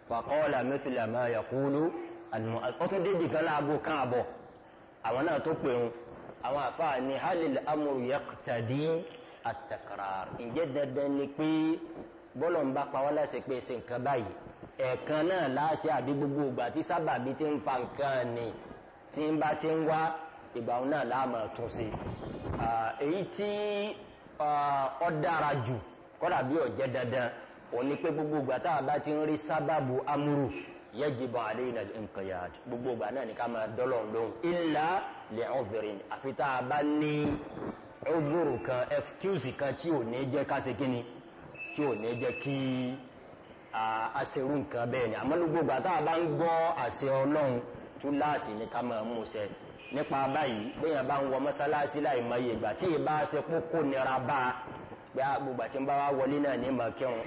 S1: fàkọ́ọ̀là mẹ́fìlà máa yà kúlú àlùmọ́àgbẹ̀ ó tún débì kan láago kan àbọ̀ àwọn náà tó pè wọn àwọn àfáà ni halil amúrú bọ́lọ̀ ń bá pa wá láṣẹ pé ṣe nǹkan báyìí ẹ̀ẹ̀kan náà láṣẹ àbí gbogbo ìgbà tí sábàbí ti ń fa nǹkan ni tí ń bá ti ń wá ìgbà òun náà láàmú tún ṣe èyí tí ọ dára jù kọ́dà bí ọ̀jẹ́ dandan òun ni pé gbogbo ìgbà tá a bá ti ń rí sábàbù amúrù yajibu alayna al-inqiyad gbogbo ìgbà náà ni ká máa dọ́lọ̀ lóhùn illa li'udhrin àfi tá a bá ní udhuru kan excuse kan tí ò ní jẹ́ ká ṣe kí ni tí ò ní jẹ́ kí aṣerú nǹkan bẹ́ẹ̀ ni àmọ́ gbogbo àtà bá ń gbọ́ àṣẹ ọlọ́run túláàsì ní ká máa mú ṣẹ nípa báyìí bẹ́yàn bá ń wọ mọ́sálásí láì mọ iye ìgbà tí ìbá ṣe kókó nira bá a pé gbogbo àti ń bá wa wọlé náà ní mọ̀ kírun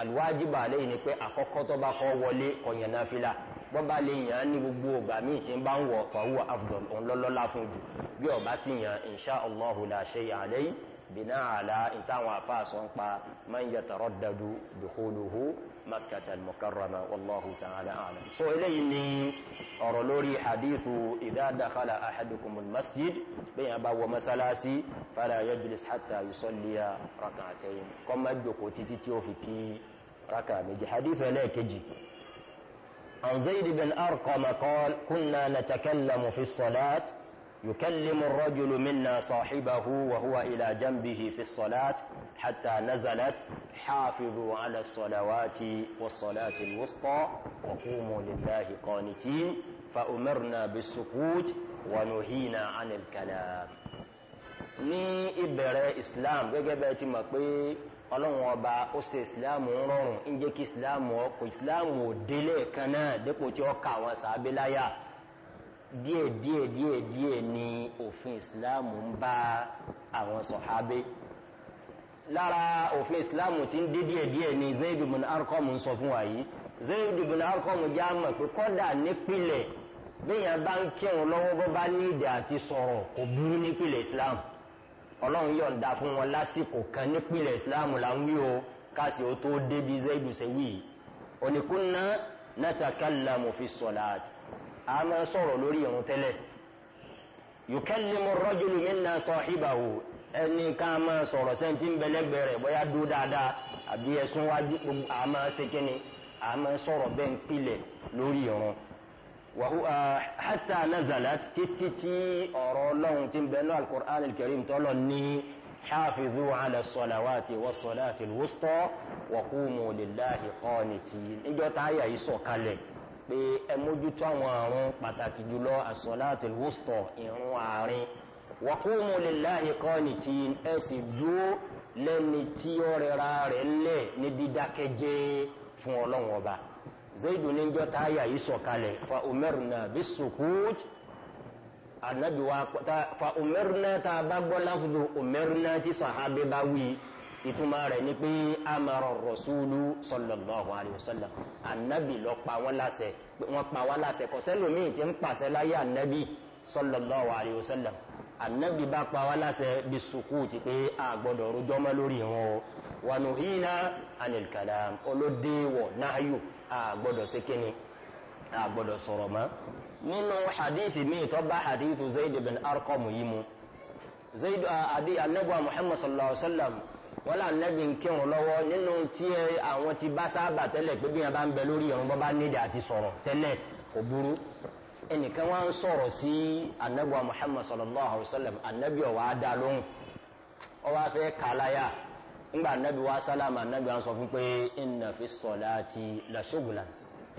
S1: àlùwájibà lẹ́yìn ni pé àkọ́kọ́ tó bá kọ́ wọlé ọ̀yàn náà fi la bọ́ bá lè yàn án ní gbogbo ògbà míì tí ń bá ń wọ̀ ọ̀pọ̀ àwọ̀ àbùdọ̀ òun fún jù bí ọ̀bá sì yàn insha Allahu la shay'a alayhi بناء على ان تاوا فاسون با من يتردد دخوله مكه المكرمه والله تعالى اعلم سو اليني اورو حديث اذا دخل احدكم المسجد بين با ومسلاسي فلا يجلس حتى يصلي ركعتين كما جوكو تيتي في كي ركع ميجي حديث لكجي عن زيد بن ارقم قال كنا نتكلم في الصلاه يكلم الرجل منا صاحبه وهو إلى جنبه في الصلاة حتى نزلت حافظوا على الصلوات والصلاة الوسطى وقوموا لله قانتين فأمرنا بالسكوت ونهينا عن الكلام ní ìbẹ̀rẹ̀ islam gẹ́gẹ́ bẹ́ẹ̀ ti mọ̀ pé ọlọ́run ọba ó ṣe islam rọrùn ń jẹ́ kí islam ọkọ̀ islam ò délé kan náà dépò tí ó kà wọn sàábé díẹ̀ díẹ̀ díẹ̀ díẹ̀ ni òfin islam ń bá àwọn sọ̀hábé lára òfin islam ti ń dé díẹ̀ díẹ̀ ni zayd ibn arqam ń sọ fún wa yìí zayd ibn arqam já mọ̀ pé kọ́dà nípìnlẹ̀ bẹ́yàn bá ń kírun lọ́wọ́ bó bá ní èdè àti sọ̀rọ̀ kò burú nípìnlẹ̀ islam ọlọ́run yọ̀ǹda fún wọn lásìkò kan nípìnlẹ̀ islam là ń wí o káàsì ó tó débi zayd ṣe wí òní fi sọ̀láàtì a máa sọ̀rọ̀ lórí ìrun tẹ́lẹ̀ yukallimu ar-rajulu minna sahibahu ẹni ká máa sọ̀rọ̀ sẹ́ńtì ń bẹ̀lẹ́gbẹ̀ rẹ̀ bóyá dó dáadáa àbí ẹ̀sùn wájú um, a máa ṣe kínni a máa sọ̀rọ̀ bẹ́ẹ̀ ń pilẹ̀ lórí ìrun hatta nazalat títí tí ọ̀rọ̀ ọlọ́run ti ń bẹ̀ẹ́ náà al-Qur'an al-Karim tọ́lọ̀ ní hafizu ala salawati wa salati al wa qumu lillahi qanitin níjọ́ táyà yìí sọ̀kalẹ̀ pé ẹ mójútó àwọn àrùn pàtàkì jùlọ àsọláàtì wòsàn ìrún àárín wàkúmù lillahi qanitin ẹ sì dúró lẹ́ni tí ó rẹra rẹ̀ lẹ̀ ní dídákẹ́jẹ́ fún ọlọ́run ọba zaidu ní jọ táyà yìí sọ̀kalẹ̀ fa umirna bisukut anabiwa fa umirna tá a bá gbọ́ láfùdù umirna tí sàhábẹ́ bá wí ìtumọ̀ rẹ̀ ni pé amara rasulu sallallahu alayhi wa sallam anabi lọ pa wọn láṣẹ wọn pa wọn láṣẹ kò sẹ́lòmíì tí ń pàṣẹ láyé anabi sallallahu alayhi wa sallam anabi bá pa wọn láṣẹ bí sukú ti pé a gbọdọ̀ rojọ́ mọ́ lórí wọn o wa nuhina anil kalam olódéwọ̀ náàyò a gbọdọ̀ ṣe kíni a gbọdọ̀ sọ̀rọ̀ mọ́ nínú hadith mi tó bá hadith wọ́n là nẹ́bí ń kírun lọ́wọ́ nínú tí àwọn ti bá sábà tẹ́lẹ̀ pé bí wọn bá ń bẹ lórí ọ̀run bọ́ bá nídìí àti sọ̀rọ̀ tẹ́lẹ̀ kò burú ẹnìkan wá ń sọ̀rọ̀ sí anabiwa muhammad sallallahu alayhi wa sallam anabi ọ̀wá dá lóhùn ọwọ́ afẹ́ kàláyà ńgbà anabi wa sálámà anabi wa sọ fún pé inna fi salati la shuglan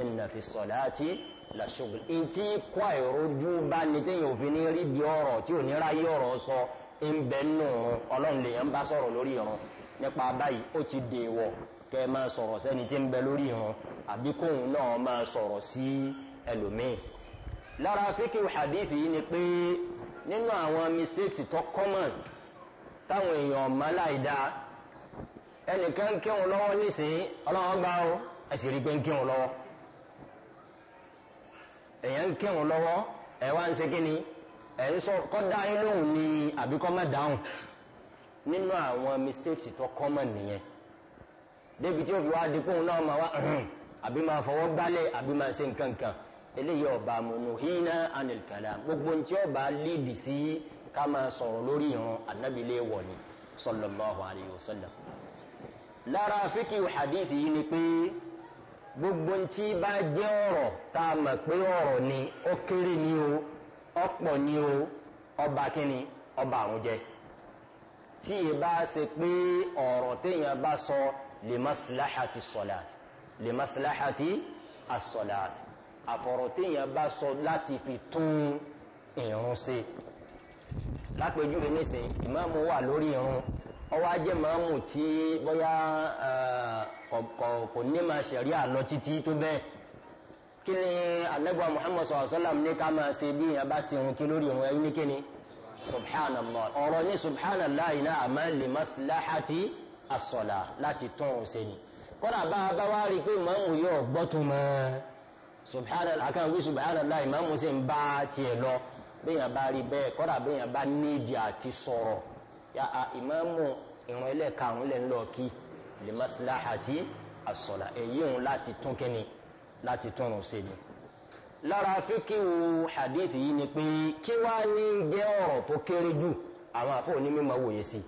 S1: inna fi salati la shuglan etí kọ́ àìrójú bá ní téèyàn òfin ní rí bí ọ̀rọ̀ tí ò ní ráyé ọ̀rọ̀ sọ ń bẹ́ẹ̀ nù ọlọ́run lèèyàn bá sọ̀rọ̀ lórí ọ̀rọ̀ nípa báyìí ó ti dèèwọ̀ kẹ máa sọ̀rọ̀ sẹ́ni tí ń bẹ lórí ìran àbí kóun náà máa sọ̀rọ̀ sí ẹlòmíì lára fíkì hadithi yìí ni pé nínú àwọn mistakes tó common táwọn èèyàn ọ̀mọ́ láìda ẹnìkan ń kírun lọ́wọ́ nísìnyí ọlọ́wọ́ gbá o ẹ̀sìn rí pé ń kírun lọ́wọ́ èèyàn ń kírun lọ́wọ́ ẹ̀ wá ń ṣe kí ni ẹ̀ ń sọ kọ́ dá yín lóhùn ni àbí kọ́ má dáhùn nínú àwọn mistakes tó common nìyẹn débi tí ó fi wá di pé òun náà máa wá àbí máa fọwọ́ gbálẹ̀ àbí máa ṣe nǹkan kan eléyìí ọba amúnú hínà anil kalam gbogbo ní tí ọba lead sí ká máa sọ̀rọ̀ lórí ìran anábìlẹ̀ wọ̀ ni sallallahu alayhi sallam lára fíkì hadithi yìí ni pé gbogbo ntí bá jẹ́ ọ̀rọ̀ tá a mọ̀ pé ọ̀rọ̀ ni ó kéré ni o ọ̀pọ̀ ni o ọba kíni ọba àrùn jẹ́ tí ìbá ṣe pé ọ̀rọ̀ téèyàn bá sọ lè maslahati sọ̀láàt lè maslahati asọ̀láàt àfọ̀rọ̀ téèyàn bá sọ láti fi tún ìrun ṣe lápèjúwe nísìnyí ìmáàmù wà lórí ìrun ọwọ́ ajé màámù tí bóyá eh, kò ní máa ṣẹ̀rí àlọ́ títí tó bẹ́ẹ̀ kí ni anagba Muhammad sallallahu alaihi wasallam ní ká máa ṣe bí ìyẹn bá ṣe irun kí lórí ìrun ẹ̀yìn ní kíni subhanallah ọ̀rọ̀ ní subhanallah iná àmọ́ lè maslahati as-salah láti tọrùn ṣe ni kọ́dà bá a bá wá rí i pé màmú yóò gbọ́tún mọ́ subhanallah akáwé subhanallah ìmàmù sì ń bá tiẹ̀ lọ béèyàn bá rí bẹ́ẹ̀ kọ́dà béèyàn bá níbi àti sọ̀rọ̀ ya a ìmàmù ìrun ilẹ̀ karùn-ún ń lọ kí lè maslahati as-salah èyí òun láti tún kíni láti tọrùn ṣe ni lára fíkíwò hadith yìí ni pé kí wá ní jẹ́ ọ̀rọ̀ tó kéré jù àwọn àfọ́ ní mímọ̀ wòye sí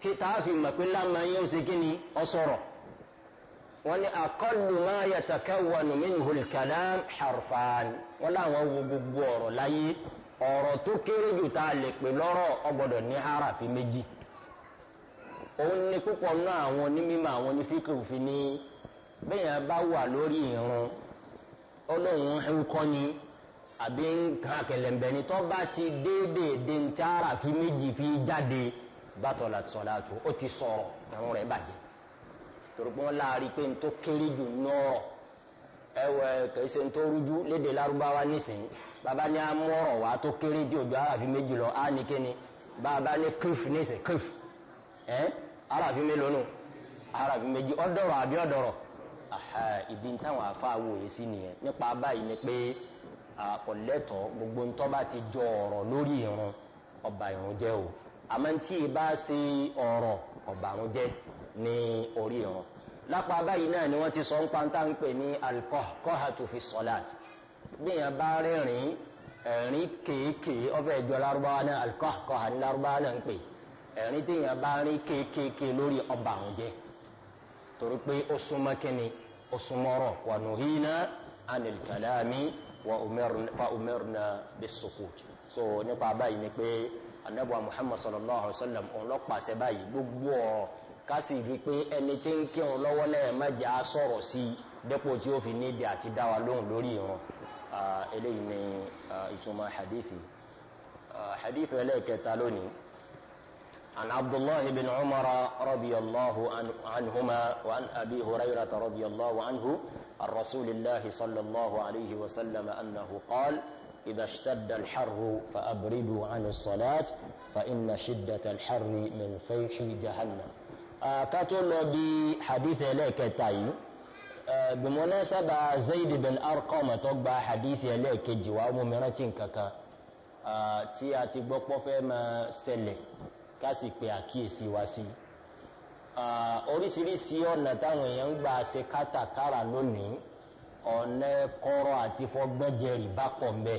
S1: kí tààfi mọ̀ pé lámà yóò ṣe kí ni ọ sọ̀rọ̀ wọ́n ní aqallu ma yatakawwanu minhu al-kalam harfan wọ́n láwọn wo gbogbo ọ̀rọ̀ láyé ọ̀rọ̀ tó kéré jù tá a lè pè lọ́rọ̀ ó gbọ́dọ̀ ní harafi méjì òun ni púpọ̀ náà àwọn onímọ̀ àwọn onífíkì òfin ní bẹ́ẹ̀ bá wà lórí ìrun ọlọ́run ń kọ́ ni àbí nǹkan àkẹlẹ̀mbẹ̀ ni tó bá ti déédéé dé ń tààrà fi méjì fi jáde bàtọ̀ láti sọ láti ó ti sọ̀rọ̀ ẹ̀rùn rẹ̀ bàjẹ́ torípọ́n láàrin pé n tó kéré jù nọ́ọ̀rọ̀ ẹwẹ kẹsẹ̀ ń tó rújú léde lárúbáwá nísìnyí bàbá ní amú wá tó kéré jù ojú aráàfin méjì lọ á kíni bàbá ní kíf nísìn kíf ẹ aráàfin mélòó nù aráàfin méjì ọ̀dọ̀rọ̀ àbí ọ̀dọ̀rọ̀ ibi táwọn afáwò yìí sí nìyẹn nípa báyìí ni pé àkọlẹ́tọ̀ gbogbo ntọ́ bá ti jọ ọ̀rọ̀ lórí ìrun ọba ìrun jẹ́ o àmọ́ tí ì bá ṣe ọ̀rọ̀ ọba ìrun jẹ́ ní orí ìrun lápá báyìí náà ni wọ́n ti sọ ń pa tá ń pè ní alqahqahatu fi salat gbìyàn bá rẹ́rìn ẹ̀rín kéékèé ọbẹ̀ ìjọ lárúbáwá náà alqahqaha ní lárúbáwá náà ń pè ẹ̀rín téèyàn bá rín kéékèé lórí ọba ìrun jẹ́ torí pé ó súnmọ́ kínni osùmọ́rọ̀ wà nùhínà anil kalami wa umirna bis so nípa báyìí ni pé anabuwa muhammad sallallahu alaihi wa sallam òun ló pàṣẹ báyìí gbogbo ọ̀rọ̀ kásì rí pé ẹni tí ń kírun lọ́wọ́ lẹ́yìn mẹ́jà á sọ̀rọ̀ sí i dépò tí ó fi níbi àti dá wa lóhùn lórí ìran ah, eléyìí ni ah, ìtumọ̀ hadithi ah, hadithi ẹlẹ́ẹ̀kẹta lónìí. عن عبد الله بن عمر رضي الله عنهما وعن أبي هريرة رضي الله عنه الرسول الله صلى الله عليه وسلم أنه قال إذا اشتد الحر فأبردوا عن الصلاة فإن شدة الحر من فيح جهنم أكتل دي حديث لك تاي بمناسبة زيد بن أرقم تقبع حديث لك جواب مرتين ككا تي أتي بقى فيما سلي ká sì pe àkíyèsí wa sí oríṣiríṣi ọ̀nà táwọn èèyàn ń gbà ṣe kátàkárà lónìí ọ̀nà kọ́rọ̀ àti fọgbẹ́jẹrì bá pọ̀ mbẹ́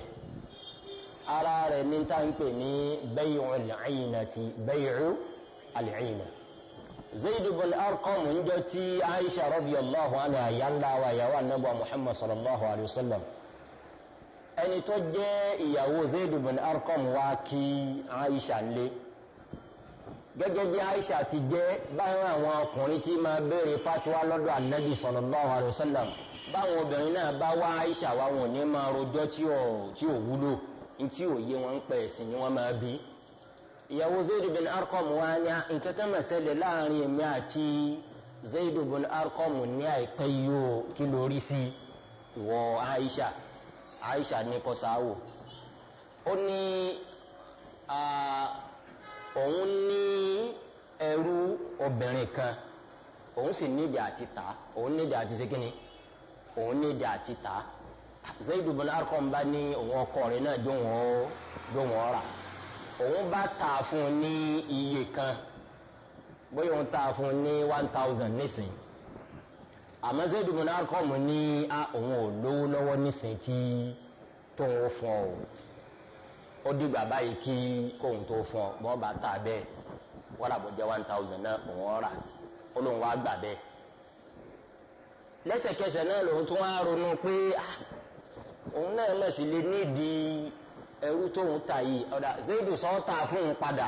S1: ara rẹ̀ ní tá ń pè ní bẹ́yìí al-ayna ti bẹ́yìí al-ayna zayd ibn arqam ń jọ tí aisha radiyallahu anha àyà ńlá wa ìyàwó anábọ̀ muhammad sallallahu alayhi wa sallam ẹni tó jẹ́ ìyàwó zayd ibn arqam wá kí aisha ń lé gẹ́gẹ́ bí Aisha ti jẹ́ báwọn àwọn ọkùnrin tí máa béèrè fatuwa lọ́dọ̀ anabi sallallahu alaihi wasallam báwọn obìnrin náà bá wá Aisha wá wọn ní máa rojọ́ tí ò tí ò wúlò tí ò yé wọn ń pẹ̀ ẹ̀sìn ni wọ́n máa bí. ìyàwó Zayd bin Arqam wa ni ah, nǹkan kan máa ṣẹlẹ̀ láàrin èmi àti Zayd bin Arqam ní àìpẹ́ yìí o kí ló rí sí ìwọ Aisha Aisha ní kọ́sáwò ó ní. Ah, òun ní ẹrú obìnrin kan òun sì nídìí àti tà òun nídìí àti ṣe òun nídìí àti tà Zaid ibn Arqam bá ní òun ọkọ náà dóhùn ọ rà òun bá tà fún ní iye kan bóyá òun tà fún ní one thousand nísìn ibn ní òun ò ó dìgbà báyìí kí kóun tó fún ọ bọ́ bá tà bẹ́ẹ̀ wọ́n làbọ̀ jẹ́ one thousand náà òun ọ̀rà ó lóun wá gbà bẹ́ẹ̀ lẹ́sẹ̀kẹsẹ̀ náà lòun tún wá ronú pé ah, òun náà lọ sí lè nídìí ẹrú tóun tà yìí ọ̀dà zaidu sọ́ọ́tà fún un padà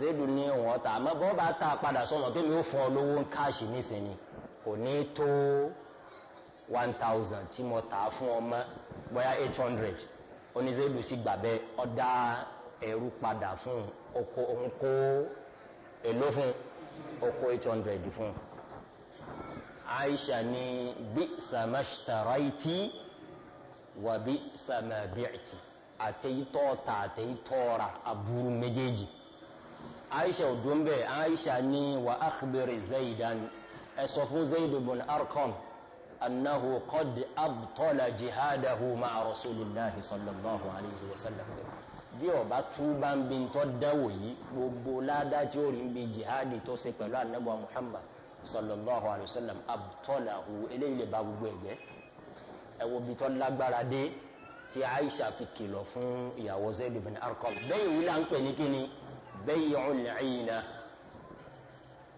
S1: zedu ní wọn ta àmọ́ bọ́ bá ta padà sọmọ kémi ó fún ọ lówó ń káàṣì nísìnyí kò ní tó one thousand tí mo tà á fún ọ mọ́ bóyá eight hundred oníṣẹ́dù sì gbàbẹ ọ̀dà ẹ̀rú padà fún oko òun kó èlò fún oko eight hundred fún. Aisha ni bí samastaraiti wà bí samabiati àtẹ̀yítọ́ ta àtẹ̀yítọ́ ra aburú méjèèjì. Aisha ò dún bẹ́ẹ̀ Aisha ni wà akhbiri Zaidan ẹ fún Zaid ibn Arqam annahu qad abtala jihadahu ma'a rasulillahi sallallahu alayhi wa sallam bí ọba túbá ń bi tọ́ dáwò yìí gbogbo ládá tí ó rí ń bi jihadi tó ṣe pẹ̀lú anabu muhammad sallallahu alayhi wa sallam abtalahu eléyìí lè ba gbogbo ẹ̀jẹ̀ ẹ̀wọ̀ bi tọ́ lágbára dé tí aisha fi kìlọ̀ fún ìyàwó zayd bin arqam bẹ́ẹ̀ yìí là ń pè ní kíni bay'ul 'ayna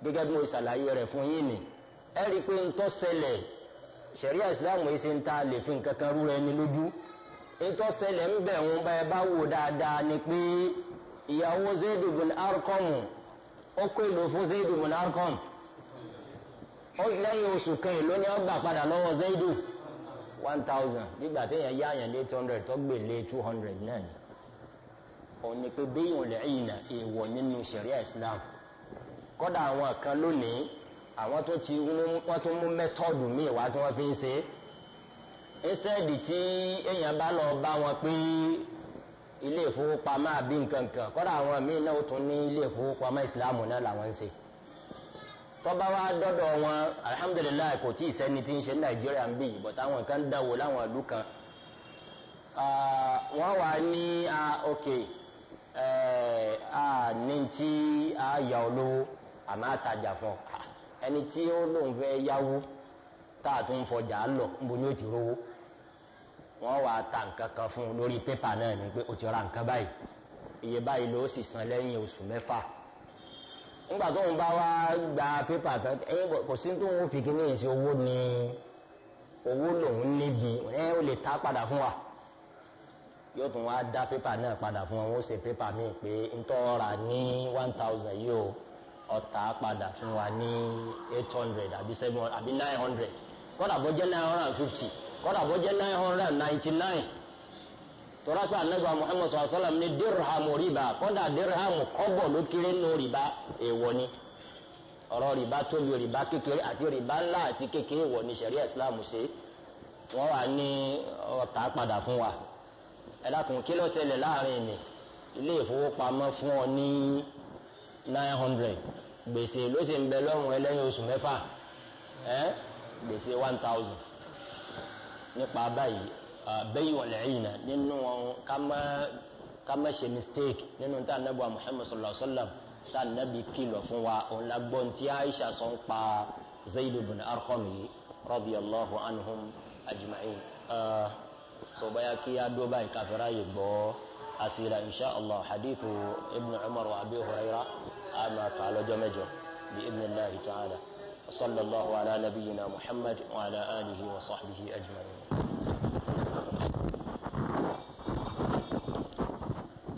S1: gẹ́gẹ́ bí mo ṣàlàyé rẹ̀ fún yín ni ẹ̀rí pé ń tọ́ ṣẹlẹ̀ Sharia Islam yìí ṣe ń ta lè fi nǹkan kan rú ẹni lójú ètò ṣẹlẹ̀ ń bẹ̀ wọn bá ẹ bá wò dáadáa ni pé ìyàwó zaidu bin arqam ó kó èlò fún zaidu bin lẹ́yìn oṣù ó gbà padà zaidu one thousand nígbà téèyàn yá àyàn lé two hundred tó gbè lé two hundred nine. òun ni pé béèyàn nínú ìsìláàmù kọ́dà àwọn kan àwọn tó ti wọ́n tó mú mẹ́tọ́ọ̀dù míì wá tí wọ́n fi ń ṣe instead tí èèyàn bá lọ bá wọn pé ilé ìfowópamọ́ àbí nǹkan kan kọ́dà àwọn míì náà ó tún ní ilé ìfowópamọ́ ìsìláàmù náà làwọn ń ṣe tọ́ba wa dọ́dọ̀ wọn alihamudulilayi kò tí ì sẹ́ni tí ń ṣe nàìjíríà ń bì yìí bọ̀tà àwọn kan dáwọ́ láwọn ìlú kan wọ́n wà ní ok ní tí a yà ọ lówó àmọ́ àtàjà fún ọ ẹni tí ó lóun fẹ́ yáwó táà tó ń fọjà lọ níbo ni ó ti rówó wọ́n wàá ta nǹkan kan fún un lórí pépà náà ni pé o ti ra nǹkan báyìí iye báyìí ló sì san lẹ́yìn oṣù mẹ́fà nígbà tó ń bá wá gba pépà tán ẹyin kò sí tó ń fi kíní ìsìn owó ni owó lòun níbi ẹ ó lè ta padà fún wa yóò tún wá dá pépà náà padà fún wọn ó ṣe pépà míì pé ń ra ní one thousand yìí o. ọ̀tá padà fún wa ní eight hundred àbí seven àbí nine hundred jẹ́ nine hundred and fifty jẹ́ nine hundred and ninety muhammed ní riba kọ́dà dirham kọ́bọ̀ ló kéré nù riba èèwọ̀ ni ọ̀rọ̀ riba tóbi riba kékeré àti riba ńlá àti kékeré wọ̀ ni sẹ̀ríà islam ṣe wọ́n wa ilé ìfowópamọ́ fún gbèsè ló sì ń bẹ lọ́rùn ẹlẹ́yìn oṣù mẹ́fà ẹ́ gbèsè one thousand nípa báyìí bẹ́yìn wọ̀lẹ̀ ẹ̀yìn náà nínú ká má ṣe mistake nínú tá ànábì wa Muhammad sallallahu alaihi wa sallam tá ànábì kìlọ̀ fún wa òun la gbọ́n tí Aisha sọ ń pa Zayd ibn Arqam yìí radiyallahu anhum ajma'in sọ báyà kí á dó báyìí káfíńrà yìí gbọ́. أسئلة إن شاء الله حديث ابن عمر وأبي هريرة أما قال جمجر بإذن الله تعالى وصلى الله على نبينا محمد وعلى آله وصحبه أجمعين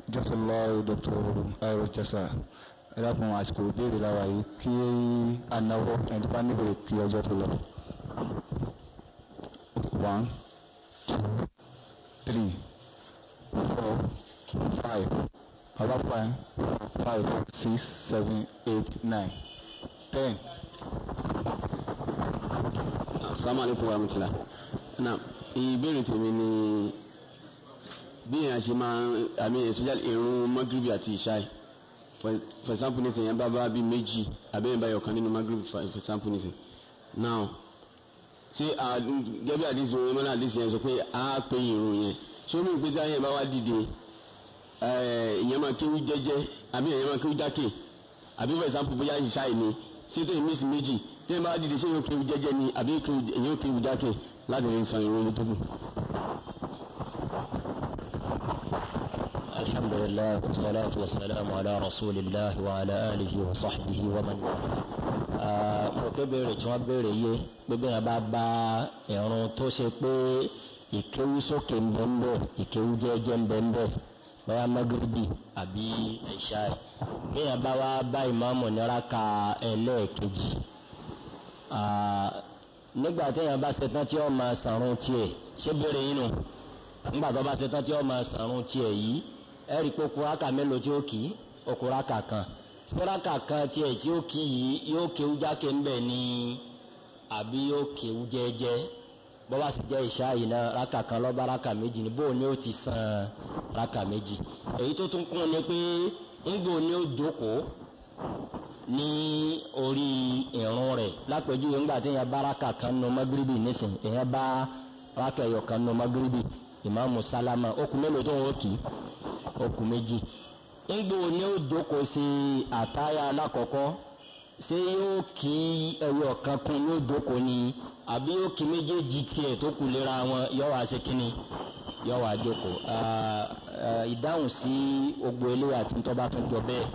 S4: جزا الله دكتور خير جزا ẹ dákun àsìkò ìbéèrè lára yìí kí anáwó ẹni tó bá níbèrè one six seven eight nine ten.
S1: assalamu alaikum warahmatullah na ìbéèrè tèmi ni bí èèyàn ṣe máa àmì especially irun magribi àti ìṣáì for example nísìnyí yẹn bá bá bí méjì àbẹ́yìn báyọ̀ kan nínú magribi for example nísìnyí now ṣé gẹ́gẹ́ bí àdìsí wọn mọ́nà àdìsí yẹn sọ pé a pè irun yẹn ṣé omi ìgbésí ayé bá wá dìde. Eh, ìyẹn máa kéwú jẹ́jẹ́ àbí ìyẹn máa kéwú jákè àbí for example bóyá ìṣá ìní ṣé tó ìmí sí méjì tí ẹ máa dìde ṣé yóò kéwú jẹ́jẹ́ ni àbí
S4: ìyẹn kéwú jákè láti lè san ìròyìn tó kù.
S1: الحمد لله والصلاة والسلام على رسول الله وعلى آله وصحبه ومن والاه mo pé béèrè tí wọ́n béèrè yé gbogbo yẹn bá bá ìrun tó ṣe pé ìkéwú sókè ń bẹ ń bẹ ìkéwú jẹ́jẹ́ ń bẹ ń bẹ bóyá mọ́gíríbì àbí ẹ̀ṣá ẹ̀ bí yẹn bá wá bá ìmáàmù ní ka ẹlẹ́ẹ̀kejì nígbà tí yẹn bá ṣetán tí ó máa sàrún tiẹ̀ ṣé bèrè yín nígbà tó bá ṣetán tí ó máa sàrún tiẹ̀ yìí ẹ pé kúráka mélòó tí ó kì í okúráka kan síráka kan tiẹ̀ tí ó kì í yóò kéwú jákè ni àbí yóò kéwú bọ́wá sì jẹ́ ìṣá yìí náà rákà kan lọba rákà méjì ní bóun ni ó ti san rákà méjì èyí tó tún kún ni pé ńgbò ni ó jókòó ní orí ìrun rẹ̀ lápẹjúwe ńgbà tí èèyàn bá rákà kan nu magribi nísìn èèyàn bá rákà ẹ̀yọ̀ kan nu magribi ìmáàmù sálámà okùn mélòó tó ń ni ó jókòó sí ataya alákọ̀ọ́kọ́ ṣé yóò kí ẹ̀yọ̀ kan kún ní ó ni. àbí òkè méjèèjì tiẹ̀ tó kù lera wọn yọ wá ṣe kínní yọ wá jókòó ìdáhùn sí ogbó eléyà tí tó bá tún jọ bẹ́ẹ̀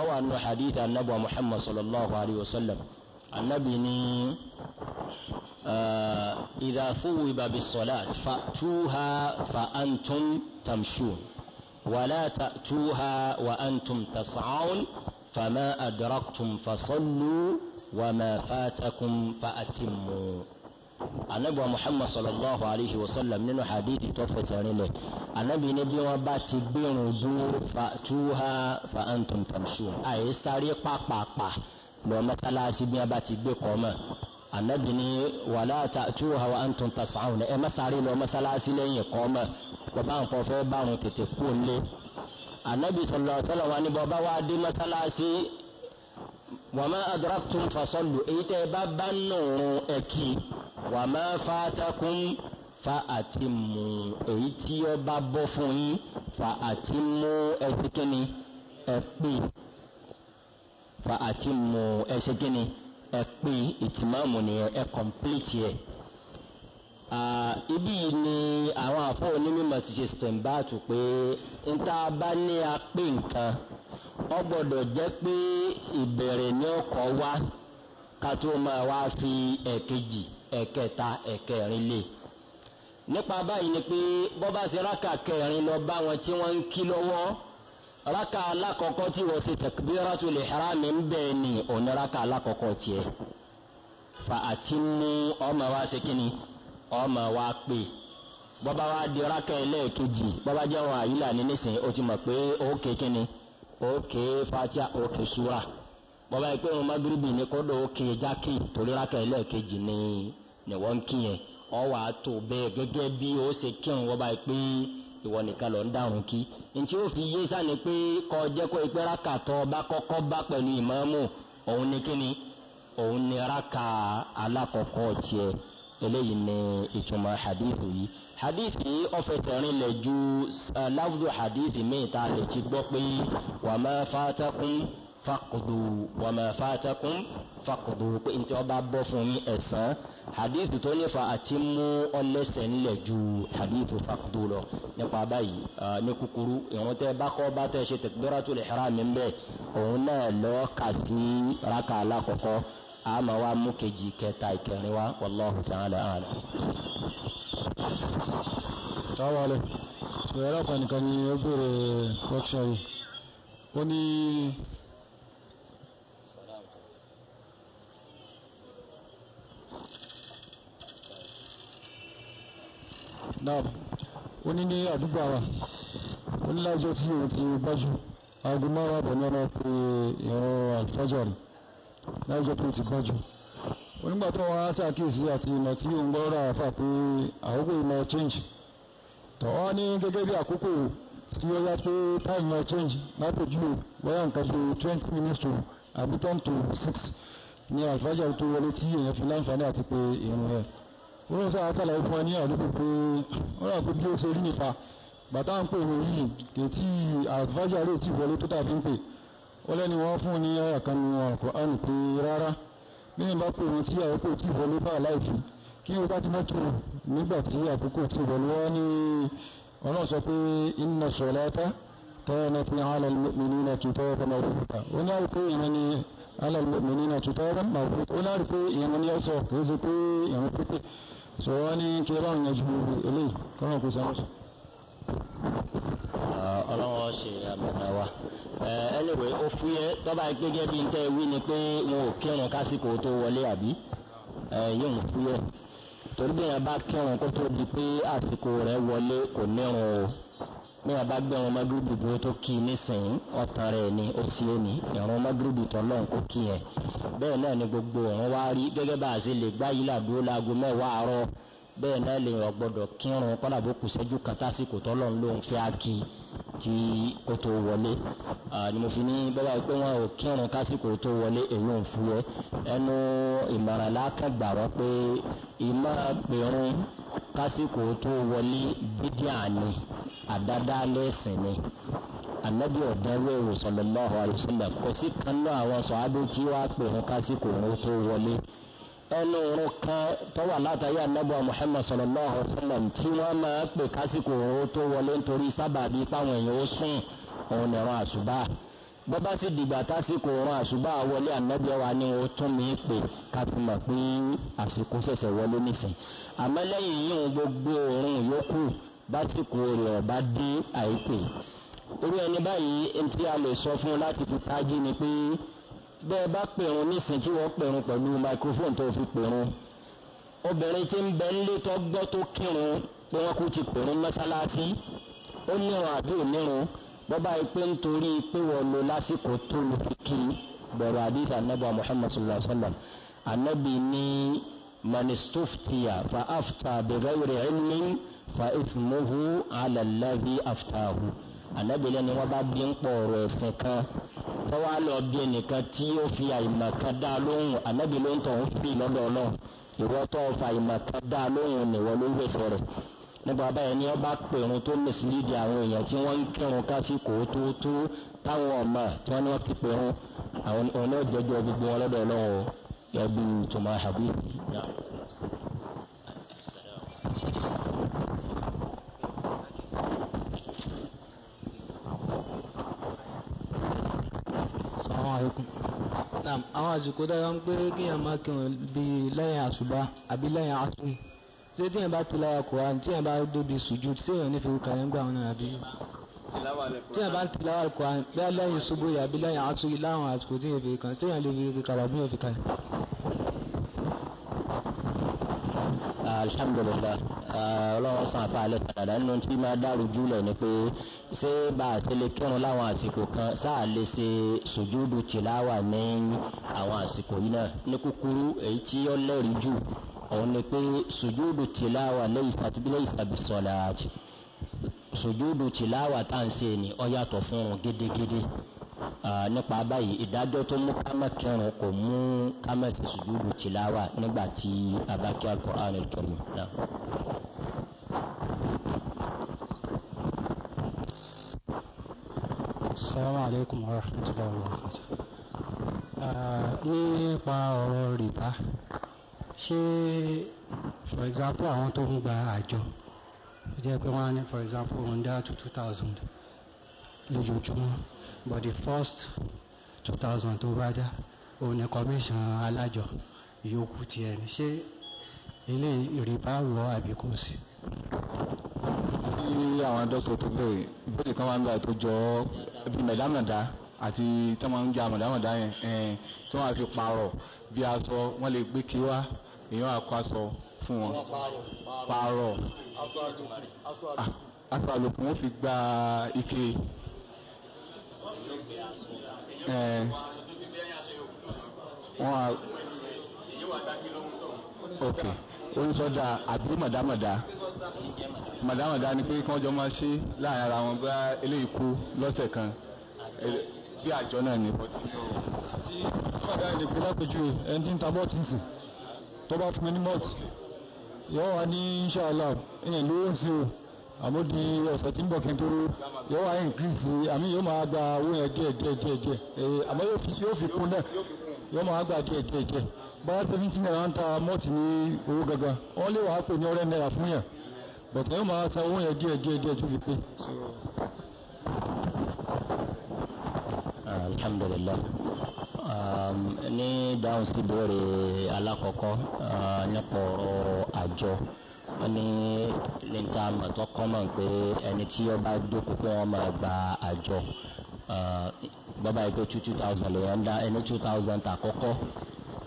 S1: ọwọ́ àánú hadith anabu muhammad sallallahu alayhi wa sallam anabi ni idha fuwiba bis-salat fa'tuha fa antum tamshun wala ta'tuha wa antum tas'un fama adraktum fasallu وما فاتكم فأتموا anabi wa muhammad sallallahu alayhi wa sallam nínú hadithi tó fẹsẹ̀rin lẹ̀ anabi ní bí wọ́n bá ti gbẹ̀rùn dúró fàtúhà fa'antum tamshun àyè sáré pàpàpà lọ mẹ́tàláṣí bí wọ́n bá ti gbé kọ́mọ̀ anabi ní wàlá tàtúhà wa antum tas'un ẹ má sáré lọ mẹ́tàláṣí lẹ́yìn kọ́mọ̀ bàbá nǹkan fẹ́ bá wọn tètè kú lé anabi sallallahu alayhi wa sallam wa ni bọ́ bá wá dé mẹ́tàláṣí wàmá adraktum fasallu èyí tẹ́ bá bá nùrùn ẹ̀kí wàmá fatakum fa àtìmù èyí tí ó bá bọ́ fún yín fa àtìmù ẹ̀sìnkíni ẹ̀pì fa àtìmù ẹ̀sìnkíni ẹ̀pì ìtìmáàmù ni ẹ̀ kọ̀m̀pìlìtì ẹ̀. ibi yìí ni àwọn àfọwọ́ ti ṣe stẹ̀mbáàtù pé ń tá bá ní apé nǹkan. ọ gbọdọ jẹ́ pé ìbẹ̀rẹ̀ ní ọkọ̀ wá ká tó máa wá fi ẹ̀kejì ẹ̀kẹta ẹ̀kẹrin lè nípa báyìí ni pé bọ́bá ṣe rákà kẹrin lọ bá wọn tí wọ́n ń kí lọ́wọ́ rákà alákọ̀ọ́kọ́ tí wọ́n ṣe ń fa àti mú ọmọ wa ṣe wa pè bọ́bá wa di rákà ẹlẹ́ẹ̀kejì bọ́bá àyílà ní nísìnyí ó ti mọ̀ pé òkè fatia òkè sura bọ́bá yìí pé wọn magiribi ní kódò òkè jákè torí rákà ẹlẹ́ẹ̀kejì ní kíyẹn ọ wà á tó bẹ́ẹ̀ gẹ́gẹ́ bí ó ṣe kírun lọ ń dáhùn kí ó fi yé sani pé kọ́ jẹ́ kó ipẹ́ rákà tó ọba kọ́kọ́ bá pẹ̀lú ìmáàmù òun ní kíni òun rákà alákọ̀ọ́kọ́ tiẹ̀ hadithi ọfẹsẹrin lẹ ju lafdu hadithi mi ta lè ti gbọ́ pé wà má fàtàkùn fàkùdù wà má fàtàkùn fàkùdù pé ntí ọba bọ́ fún yín ẹ̀san hadithi tó nífa àti mú ọlẹ́sẹ̀ ńlẹ̀ ju hadithi fàkùdù lọ nípa báyìí ní kúkúrú ìwọ̀n tẹ bákọ́ bá tẹ ṣe takbiratul ihram mi bẹ́ẹ̀ òun náà lọ́ọ́ kà sí raka alákọ̀ọ́kọ́ àmọ́ wa mú kejì kẹta ìkẹrin wa wallahu ta'ala a'lam sáwà lẹ̀
S4: ìrẹ́ láta nìkan ni ó bèèrè kọ́ṣọ́ yìí ó ní náà ó ní ní àdúgbò àwà ó ní láìjọ́ tí òun ti bájú aago márùn-ún àbọ̀ ní ọmọ pé ìrọ̀ àlùfájà rẹ̀ láìjọ́ tí òun ti bájú onígbà tó wọn á ṣàkíyèsí àti ìmọ̀ tí òun gbọ́dọ̀ àfà pé àwògbè ìmọ̀ change tọ́ ọ ní gẹ́gẹ́ bí àkókò tí ó yá pé time yẹn change lápèjú wáyà nǹkan tó twenty minutes to àbí ten to six ní àlùfáàjà tó wọlé tí èèyàn fi láǹfààní àti pé ìrìn rẹ̀ wọ́n sọ àṣàlàyé fún wa ní àdúgbò pé wọ́n rà pé bí ó ṣe rí nípa bàtà ń pè wọ́n yìí kètí àlùfáàjà rẹ̀ ti wọlé tó tàbí ń pè ó lẹ́ni wọ́n fún ní ọ̀rọ̀ kan ní Al-Qur'an pé rárá nínú bá pè wọ́n tí àwọn pè tí wọlé bá láìfi kí wọ́n bá ti mọ́tò nígbà tí àkókò tí wọ́n wọ́n ní ọ̀nà sọ pé inna salata kanat 'ala al-mu'minina kitaban mawquta ó ní àrùkú ìyẹn ní 'ala al-mu'minina kitaban mawquta ó ní àrùkú ìyẹn ní ọ̀sọ̀ kìí sí pé ìyẹn pípẹ́ sọ wọ́n ní kí ẹ bá ń yanjú eléyìí kọ́nà kò sọ
S1: ọlọ́wọ́ ṣe àmọ̀nà wa ẹlẹ́wẹ̀ ó fúyẹ́ tọ́ba gbẹ́gẹ́ bíi ń tẹ́ wí ni pé wọn ò kírun kásìkò tó wọlé àbí yóò fúyẹ́
S4: torí bí èèyàn bá kírun kó tó di pé àsìkò rẹ̀ wọlé kò nírun o bí èèyàn bá gbẹ̀rún magrebi dúró tó kí i nísìnyí ọ̀tàn rẹ̀ ni ó sì ní ìrún magrebi
S1: tó lọ́n kó kí yẹn bẹ́ẹ̀ náà ni gbogbo òun wá rí gẹ́gẹ́ bá a ṣe lè gbá yìí làdúró láago mẹ́wàá àárọ̀ bẹ́ẹ̀ náà lè yàn gbọ́dọ̀ kírun kọ́nà bó kù sẹ́jú kan tásìkò tọ́lọ̀ ń lóun fẹ́ akí kí ó tó wọlé ni mo fi ní bọ́lá pé wọn ò kírun kásìkò tó wọlé èyí ò fú ẹnu ìmọ̀ràn lákàn gbà pé ìmọ̀ pẹ̀rún kásìkò tó wọlé bídíà ni àdádá lẹ́sìn ni anabi ọ̀dẹ́rẹ́ ìwòsàn lọ́wọ́ àlùsílẹ̀ kò sí kan náà àwọn sọ̀hábí tí wàá pẹ̀rún kásìkò tó wọlé ẹnu òun kan tó
S4: wà látàrí anábọ̀ Muhammad sallallahu alaihi wasallam tí wọ́n máa pè kásìkò òun tó wọlé nítorí sábàbí páwọn èèyàn ó sùn òun nìran àṣùbà bọ́bá sì dìgbà tásìkò òun àṣùbà wọlé anábọ̀ wa ni ó tún mí pè káfí mọ̀ pé àsìkò ṣẹ̀ṣẹ̀ wọlé
S1: nìsín àmọ́ lẹ́yìn yíyún gbogbo òórùn yòókù básìkò rẹ̀ ọ̀bá dé àìpè irú ẹni báyìí
S4: bẹ́ẹ̀ bá pèrún nísìnyí tí wọ́n pèrún pẹ̀lú microphone tó fi pèrún obìnrin tí ń bẹ nílé tó gbọ́ tó kírun pé wọ́n kú ti pèrún mọ́sálásí
S1: ó nírun àbí ònírun bọ́bá yìí pé nítorí pé wọ́n lo lásìkò tó lu kíkì bẹ̀rù àdìsí anábì muhammad sallallahu alayhi wa sallam anábì ní manistoftiya fa afta bighairi ilmin fa ismuhu ala alladhi aftahu anábì lẹ́ni wọ́n bá bí ń pọ̀ ọ̀rọ̀ ẹ̀sìn kan tọ́wá lọ bí ẹnìkan tí ó fi àìmọ̀kan dá lóhùn ànábì ló ń tọ̀ ń fi lọ́dọ̀ náà ìwọ́ tó fa àìmọ̀kan dá lóhùn nìwọ́ ló ń wẹ̀sẹ̀ rẹ̀ nígbà báyẹn ni ọba pèrún tó mẹsìlídìí
S4: àwọn èèyàn tí wọ́n ń kírun kásìkò tó tó táwọn ọmọ tí wọ́n ní wọ́n ti pèrún àwọn oníjẹjọ gbogbo wọn lọ́dọ̀ náà yọ bí alaykum. naam àwọn àsìkò dára ń pé kí èèyàn máa kírun bíi lẹ́yìn àṣùbá àbí lẹ́yìn àtún ṣé tí èèyàn bá ti lára kọ̀ án tí èèyàn bá dóbi sùjú tí èèyàn nífi kà ń gbà wọn náà àbí. tí èèyàn bá ti lára kọ̀ án bí lẹ́yìn ṣubú yàbí lẹ́yìn àtún láwọn àsìkò tí èèyàn fi kàn ṣé èèyàn lè fi kàlà bí èèyàn fi kàlà
S1: alhamdulillah ah, ọlọ́run san àfa alẹ́ kàdàdà nínú tí máa dàrú jùlọ ni pé ṣé bá a ṣe lè kírun láwọn àsìkò kan sáà lè ṣe sùjúdù tìláwà ní àwọn àsìkò yìí náà ní kúkúrú èyí tí ó lẹ́rìí jù òun ni pé sùjúdù tìláwà lẹ́yìn ìsàbísọ̀lá sùjúdù tìláwà tá à ń ṣe ni ó yàtọ̀ fún un gédégédé nípa báyìí ìdájọ́ tó mú ká má kẹrùn kò mú ká má sì sùjúdù tìláwà nígbà tí a bá kí
S2: Al-Qur'an al-Karim náà. Assalamu alaikum wa rahmatullahi wa barakatuh. nípa ọ̀rọ̀ rìbá ṣé
S3: for example àwọn tó ń gba àjọ ó jẹ́ pé wọ́n á ní for example ń dá lójoojúmọ́ but the first two thousand tó bá dá òun ni commission alájọ ìyókù ti ẹni ṣé
S4: ilé ìrìbá rọ àbí kò sí. bí àwọn dókítà tó bẹ̀rẹ̀ ìbéèrè kan máa ń gbà tó jọ bí mẹ̀dámẹ̀dá àti tó máa ń ja mẹ̀dámẹ̀dá yẹn tó máa fi pààrọ̀ bí aṣọ wọ́n lè gbé kí wá èèyàn àkọ́ aṣọ fún wọn
S2: pààrọ̀ aṣọ
S4: àlòkù ah, wọn fi gba ike. Eh, wọn ok oníṣọ́dá àbí mọ̀dámọ̀dá mọ̀dámọ̀dá ni pé kí wọ́n jọ máa ṣe láàrin ara wọn bá eléyìí kú lọ́sẹ̀ kan eh, bí àjọ náà ni. mọ̀dá ilé pé lápẹjù ẹni tí ń ta bọ́ọ̀tì nìsín tó bá fún mi ní mọ́ọ̀tì yọ̀ọ́ wa ní inṣàlá ìyẹn ló ń o. àmọ́ di ọ̀sẹ̀ tí ń bọ̀ kí n tó yóò wá ìnkírìsì àmì yóò máa gba owó yẹn díẹ̀ díẹ̀ díẹ̀ díẹ̀ ee àmọ́ yóò fi kún náà yóò máa gba díẹ̀ díẹ̀ díẹ̀ báyà seventeen naira ń ta mọ́ọ̀tì ní owó gangan wọ́n lè wàá pè ní ọ̀rẹ́ náírà fún yàn bọ̀tẹ́ yóò máa san owó yẹn díẹ̀ díẹ̀ díẹ̀ tó fi pé.
S1: alhamdulilah um, ní dáhùn sí wọ́n ní lẹ́ńtà mọ̀tọ́ kọ́mọ̀ pé ẹni tí ó bá jókòó pé wọ́n máa gba àjọ bọ́bá ìpé 2000 lè wọ́n dá ẹni 2000 àkọ́kọ́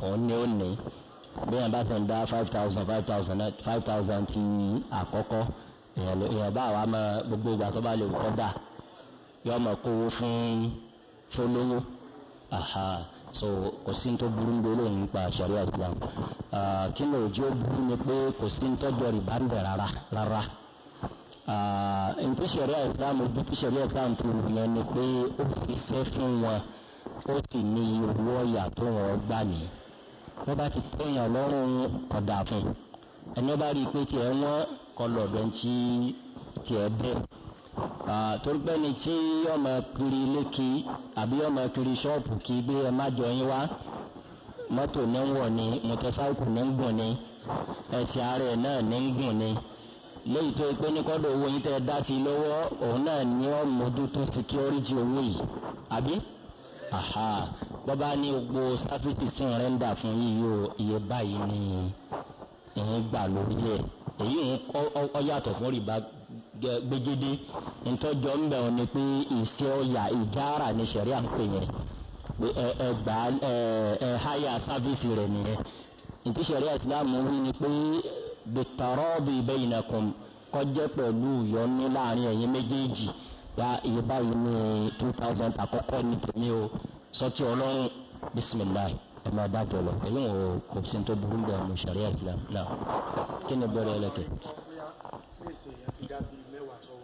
S1: òun ní ó ní bí wọ́n bá ti ń dá 5000 5000 ti àkọ́kọ́ èèyàn bá wa máa gbogbo ìgbà tó bá lè kọ́ dà yọ́ mọ̀ kówó fún fólówó
S4: so kò sí tó burú ní olóyìn nípa sharia islam kí ló jẹ́ burú ni
S1: pé kò sí tó jọ rìbá ń bẹ̀ rárá rárá nti sharia islam ojú tí sharia islam tó wù yẹn ni pé ó ti fẹ́ fún wọn ó sì ní
S4: owó ọ̀yà tó wọn gbà ní wọ́n bá ti tẹ̀yàn lọ́rùn kọ̀dà fún ẹni bá rí i pé tiẹ̀ wọ́n kọ lọ́dọ̀ tiẹ̀ bẹ́ẹ̀ torípé ni tí ọmọ kiri ilé kí àbí ọmọ kiri ṣọ́ọ̀pù kí bí ẹ má
S1: jọ yín wá mọ́tò ní ń wọ̀ ni mọ́tòsáìkù ní ń gùn ni ẹ̀sìn ara ẹ̀ náà ní ń gùn ni léyìí tó pé ní kọ́dọ̀ owó yín tẹ́ dá sí lọ́wọ́ òun náà ní ó mójútó síkírọ́rìtì owó yìí àbí aha bọ́bá ní gbogbo sáfíìsì sí rẹ́ńdà fún yíyí o iye báyìí ni ìyẹn gbà lórí ẹ̀ èyí ń kọ́ ọ yàtọ̀ fún rìbá gbẹgẹdẹ ntọ́jọ́ ń bẹ̀ wọn ni pé ìṣẹ́ ọ̀yà ìjára ni sẹ̀ríà ń pè yẹn pé ẹ ẹ gbà ẹ ẹ háyà sáfíìsì rẹ̀ nìyẹn ntí sẹ̀ríà ìsìlámù wí ni pé bìtàrọ́ọ̀bì bainakum kọjẹ́ pẹ̀lú ìyọnu láàrin ẹ̀yin méjèèjì ya iye báyìí ní two thousand àkọ́kọ́ ní tèmi o sọtí ọlọ́run bisimilayi ẹ máa bá jọ lọ èyí ò kò sí tó burú bẹ́ẹ̀ mo sẹ̀ríà ìsìlámù náà kí ni bẹ́ẹ̀ rẹ̀ lẹ́kẹ̀ẹ́.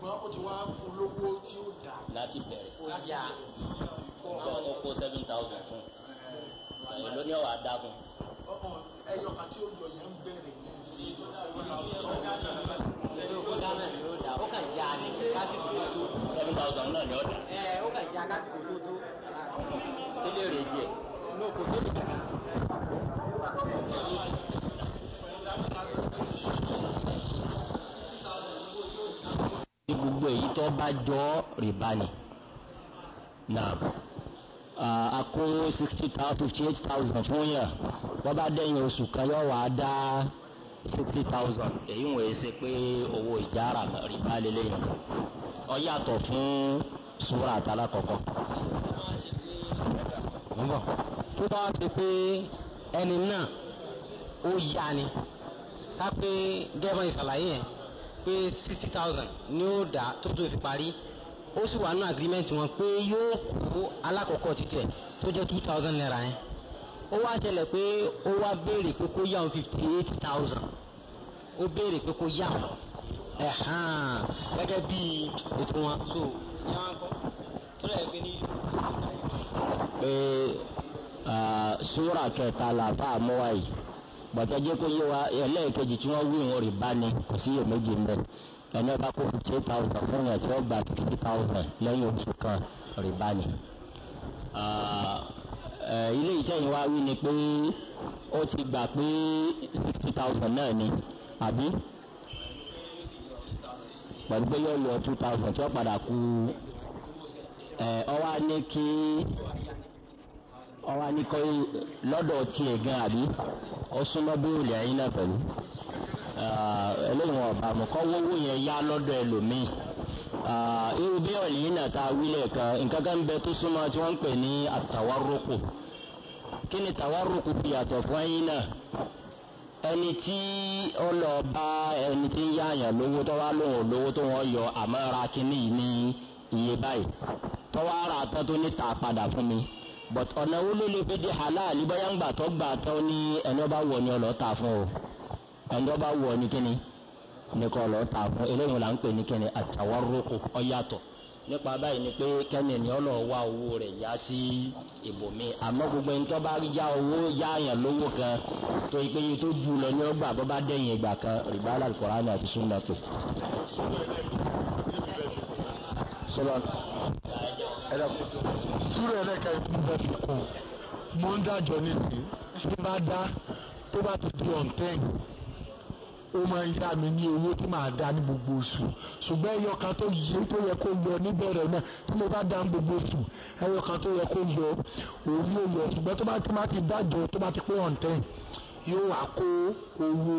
S1: ṣùgbọ́n ó ti wá olówó tí ó dà. láti bẹ̀rẹ̀ ó kó seven thousand fún un lóní ọ̀wà dákun. ẹyọ kan tí ó yọ yẹn ń bẹ̀rẹ̀ ilé rẹ̀ jẹ́. èyí tó bá jọ rìbá ni náà akó sixty thousand fifty eight thousand fún yàn wọ́n bá dẹ́yìn oṣù kan yóò wá dá sixty thousand èyí wọ́n yẹ ṣe pé owó ìjára rìbá lélẹ́yìn ó yàtọ̀ fún sùúrà àtàlà kọ̀ọ̀kan tó bá ṣe pé
S3: ẹni náà ó yá ni ká pé gẹ́gẹ́ ìṣàlàyé yẹn pé sixty thousand ni ó dá tó tó fi parí ó sì wà nínú agreement wọn pé yóò kó alákọ̀ọ́kọ́ títẹ̀ tó jẹ́ two thousand naira yẹn ó wá ṣẹlẹ̀ pé ó wá béèrè pé kó yá òun fifty eight thousand ó béèrè pé kó yá òun ẹ̀hán gẹ́gẹ́ bí ètò wọn so yá wọn kọ́ tó lẹ̀ gbé ní.
S1: pé sùúrà kẹta làfà mọ́wá gbàtọ́jẹ́ kó yé wa ẹlẹ́ẹ̀kejì tí wọ́n wí ìwọ̀n rìbá ni kò sí iye méjì ń bẹ̀ ẹni ọba kó fifty eight thousand fún yẹn tí wọ́n gba fifty thousand lẹ́yìn oṣù kan rìbá ni. ilé ìtẹ̀yìn wa wí ni pé ó ti gbà pé sixty thousand náà ni àbí pẹ̀lú pé yóò lọ two thousand tí wọ́n padà kú ọwọ́ á ní kí. ọwọ́ lọdọ lọ́dọ̀ tiẹ̀ gan ọ ó súnmọ́ bóòlù ẹ̀yìn náà pẹ̀lú ẹlẹ́wọ̀n ọ̀bàmù yẹn ya lọ́dọ̀ ẹlòmíì irú bí ọ̀lẹ́yìn náà ta wílẹ̀ kan nǹkan kan bẹ tó súnmọ́ tí wọ́n ń pè ní àtàwárúkù kí ni ẹni tí ó ẹni tí ń lówó tó wá lóhùn lówó yọ àmọ́ ra kínní yìí ní iye báyìí fún mi. but ọ̀nà wo ló fi di halal bóyá ń gbà tó ní ẹni ọba wọ̀ ni ọlọ́ta fún o ẹni ọba wọ̀ ni kíni nìkan ọlọ́ta fún eléyìí là ń pè ní kíni àtàwárúkú ọ̀yàtọ̀ nípa báyìí ni pé kẹ́ni ni ọlọ́wà owó rẹ̀ yá sí ìbòmí àmọ́ gbogbo ẹni tó bá owó yá kan tó yìí tó lọ ní ọgbà bó kan rìbá àti sọlá
S2: ẹ̀dá súrù ẹlẹ́ka ìpín bẹ́ẹ̀ fi kún
S4: mo ń dájọ́ nísìn bí bá dá tó bá ti di ọ̀ǹtẹ́ǹ ó máa ń yá mi ní owó tí màá dá ní gbogbo oṣù ṣùgbọ́n ẹyọ kan tó yẹ tó yẹ kó yọ níbẹ̀rẹ̀ náà tí mo bá dá ní gbogbo oṣù ẹyọ kan tó yẹ kó yọ òun yóò yọ ṣùgbọ́n tó bá ti má ti dájọ́ tó bá ti pé ọ̀ǹtẹ́ǹ yóò wá kó owó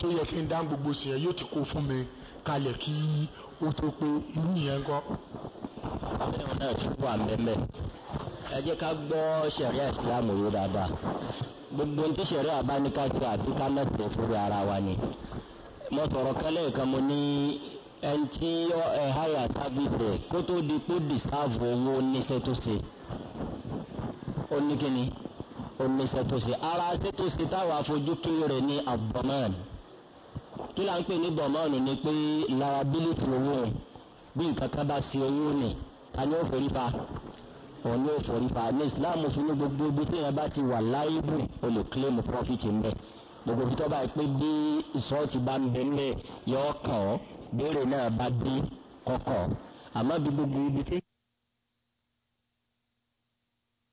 S4: tó yẹ kí n dá gbogbo oṣù yẹn yóò ti kó fún mi kalẹ̀ kí ó tó pé irú yẹn gan.
S1: àbẹ̀wò náà tún wà mẹ́mẹ́ ẹ jẹ́ ká gbọ́ sẹ̀ríà ìsìlámù yìí dáadáa gbogbo ní sẹ̀ríà bá ní ká ṣe àbí ká mẹ́sìn fúnra ara wa ni mo sọ̀rọ̀ kẹ́lẹ́ kan mo ní ẹni tí ẹ háyà sábìsì kó tó di kó dìsáàfù owó níṣẹ́ tó ṣe ó ní kíni ó tó ṣe ara ṣe ṣe táwa fojú kéré ní abdomen kí là ń pè ní bọ̀mọ́ọ̀nù ni pé liability owó rẹ̀ bí nǹkan kan bá ṣe owó nì ta ni ó forí fa òun ni ó forí fa ní islam fún ní gbogbo ibi tí yẹn bá ti wà láìbù o lè claim profit ń bẹ gbogbo fi tọ́ba pé bí ìsọ́ọ̀tì bá ń bẹ ńlẹ̀ yọ ọkàn béèrè náà bá dé kọ̀kọ̀ àmọ́ bí gbogbo
S4: ibi tí.